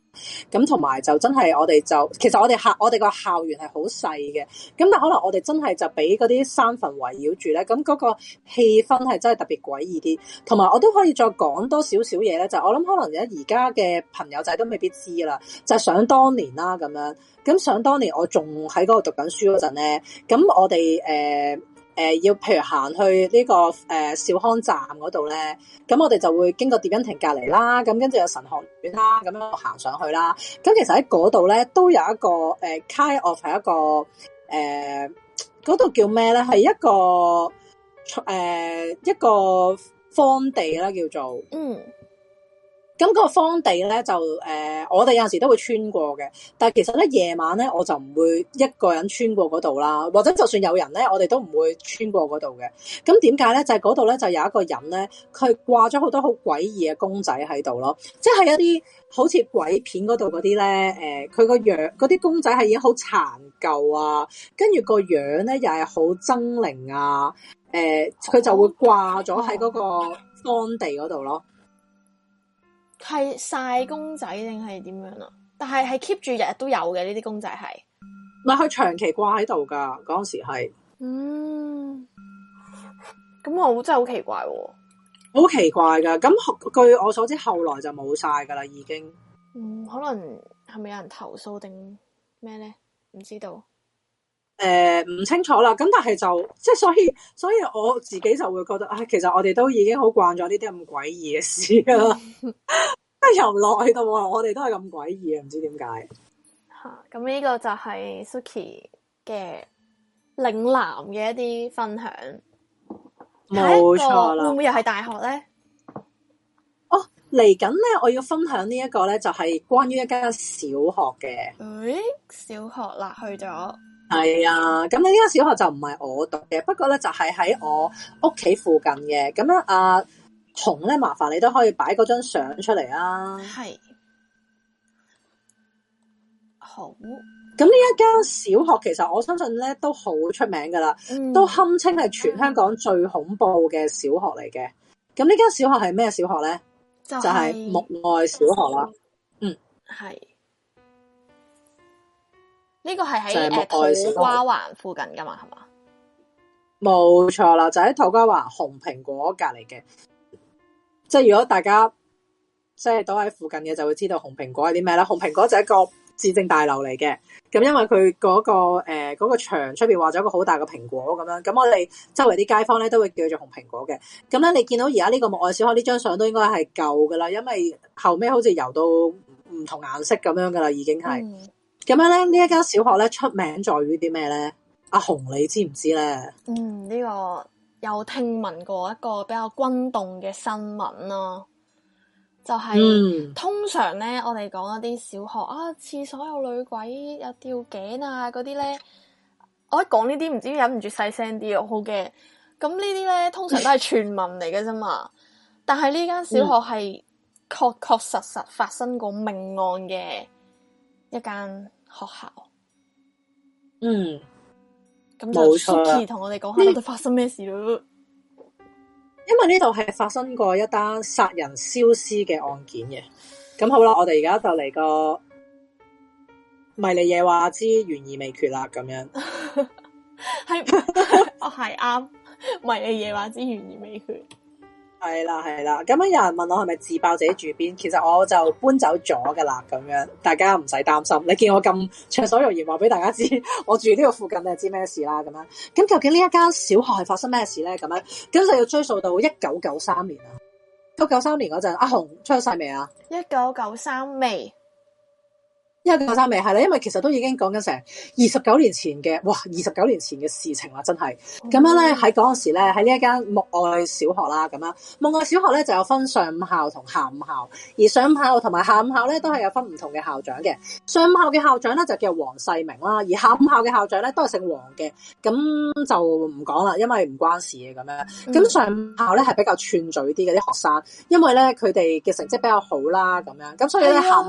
咁同埋就真係我哋就其實我哋校我哋個校園係好細嘅，咁但可能我哋真係就俾嗰啲山墳圍繞住咧，咁嗰個氣氛係真係特別詭異啲，同埋我都可以再講多少少嘢咧，就是、我諗可能而家而家嘅朋友仔都未必知啦，就係、是、想當年啦、啊、咁樣，咁想當年我仲喺嗰度讀緊書嗰陣咧，咁我哋誒。呃誒、呃、要，譬如行去呢、這個誒兆、呃、康站嗰度咧，咁我哋就會經過蝶恩亭隔離啦，咁跟住有神學院啦，咁樣行上去啦。咁其實喺嗰度咧，都有一個誒、呃、kind of 係一個誒，嗰、呃、度叫咩咧？係一個誒、呃、一個荒地啦，叫做嗯。咁嗰個荒地咧，就誒、呃，我哋有陣時都會穿過嘅。但係其實咧，夜晚咧，我就唔會一個人穿過嗰度啦。或者就算有人咧，我哋都唔會穿過嗰度嘅。咁點解咧？就係嗰度咧，就有一個人咧，佢掛咗好多好詭異嘅公仔喺度咯。即係一啲好似鬼片嗰度嗰啲咧，誒、呃，佢個樣嗰啲公仔係已經好殘舊啊，跟住個樣咧又係好猙獰啊，誒、呃，佢就會掛咗喺嗰個荒地嗰度咯。係晒公仔定係點樣啊？但係係 keep 住日日都有嘅呢啲公仔係，唔係佢長期掛喺度噶嗰時係。嗯，咁我真係好奇怪，哦，好奇怪噶。咁據我所知，後來就冇晒噶啦，已經。嗯，可能係咪有人投訴定咩咧？唔知道。誒，唔、呃、清楚啦。咁但係就即係，所、就、以、是、所以我自己就會覺得，啊、哎，其實我哋都已經好慣咗呢啲咁詭異嘅事㗎啦。 由內到外，我哋都係咁詭異，唔知點解。吓，咁呢個就係 Suki 嘅嶺南嘅一啲分享。冇錯啦。會唔會又係大學咧？哦，嚟緊咧，我要分享呢一個咧，就係、是、關於一間小學嘅。誒、哎，小學啦，去咗。係啊，咁呢間小學就唔係我讀嘅，不過咧就係、是、喺我屋企附近嘅。咁樣阿熊咧，麻煩你都可以擺嗰張相出嚟啊。係好。咁呢一間小學，其實我相信咧都好出名噶啦，嗯、都堪稱係全香港最恐怖嘅小學嚟嘅。咁呢間小學係咩小學咧？就係、是、木愛小學啦。就是、嗯，係。呢個係喺誒土瓜灣附近噶嘛，係嘛？冇錯啦，就喺、是、土瓜灣紅蘋果隔籬嘅，即係如果大家即係都喺附近嘅，就會知道紅蘋果係啲咩啦。紅蘋果就係一個市政大樓嚟嘅，咁因為佢嗰、嗰個誒、呃嗰個牆出邊畫咗一個好大嘅蘋果咁樣，咁我哋周圍啲街坊咧都會叫做紅蘋果嘅。咁咧，你見到而家呢個木愛小可，呢張相都應該係舊噶啦，因為後尾好似油到唔同顏色咁樣噶啦，已經係。嗯咁樣咧，呢一間小學咧，出名在於啲咩咧？阿紅，你知唔知咧？嗯，呢個有聽聞過一個比較轟動嘅新聞啦，就係嗯，通常咧，我哋講一啲小學啊，廁所有女鬼，有吊頸啊，嗰啲咧。我一講呢啲，唔知忍唔住細聲啲，好嘅，咁呢啲咧，通常都係傳聞嚟嘅啫嘛。 但係呢間小學係確確實實發生過命案嘅。一間學校，嗯，咁就 Suki 同我哋講下呢度發生咩事咯。因為呢度係發生過一單殺人消失嘅案件嘅，咁好啦，我哋而家就嚟個迷離夜話之懸疑未決啦，咁樣，係我係啱迷離夜話之懸疑未決。係啦係啦，咁樣有人問我係咪自爆自己住邊，其實我就搬走咗噶啦，咁樣大家唔使擔心。你見我咁暢所欲言，話俾大家知，我住呢個附近，你知咩事啦，咁樣。咁究竟呢一間小學係發生咩事咧？咁樣，咁就要追溯到一九九三年啦。一九九三年嗰陣，阿紅出咗世未啊？一九九三未。因為舊生未係啦，因為其實都已經講緊成二十九年前嘅。哇，二十九年前嘅事情啦，真係咁樣咧。喺嗰陣時咧，喺呢一間木愛小學啦，咁樣木愛小學咧就有分上午校同下午校，而上午校同埋下午校咧都係有分唔同嘅校長嘅。上午校嘅校長咧就叫黃世明啦，而下午校嘅校長咧都係姓黃嘅，咁就唔講啦，因為唔關事嘅咁樣。咁上午校咧係比較串嘴啲嘅啲學生，因為咧佢哋嘅成績比較好啦，咁樣咁所以咧下午。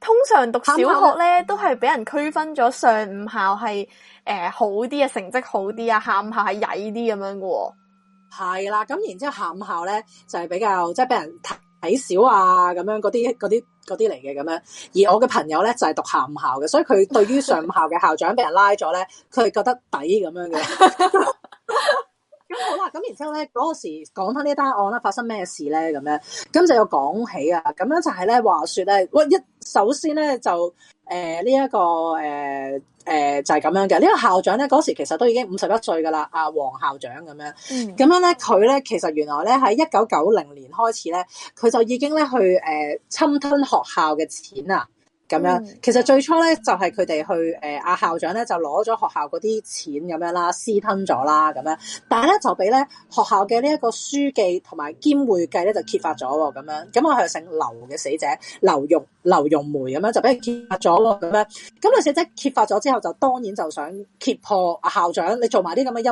通常讀小學咧，都係俾人區分咗上午校係誒、呃、好啲啊，成績好啲啊，下午校係曳啲咁樣嘅。係啦，咁然之後，後下午校咧就係、是、比較即係俾人睇少啊，咁樣嗰啲啲啲嚟嘅咁樣。而我嘅朋友咧就係、是、讀下午校嘅，所以佢對於上午校嘅校長俾人拉咗咧，佢係 覺得抵咁樣嘅。 咁 好啦，咁然之後咧，嗰時講翻呢一單案啦，發生咩事咧？咁樣，咁就要講起啊，咁樣就係咧，話說咧，喂，一首先咧就誒呢一個誒誒、呃呃、就係、是、咁樣嘅呢、呢個校長咧，嗰時其實都已經五十一歲噶啦，阿黃校長咁樣，咁樣咧佢咧其實原來咧喺一九九零年開始咧，佢就已經咧去誒、呃、侵吞學校嘅錢啦。咁樣、嗯、其實最初咧就係佢哋去誒阿、呃、校長咧就攞咗學校啲錢咁樣啦，私吞咗啦咁樣，但係咧就俾咧學校嘅呢一個書記同埋兼會計咧就揭發咗喎，咁樣，咁我係姓劉嘅死者劉玉劉玉梅咁樣就俾佢揭發咗喎，咁樣，咁個死者揭發咗之後就當然就想揭破阿校長你做埋啲咁嘅陰謀。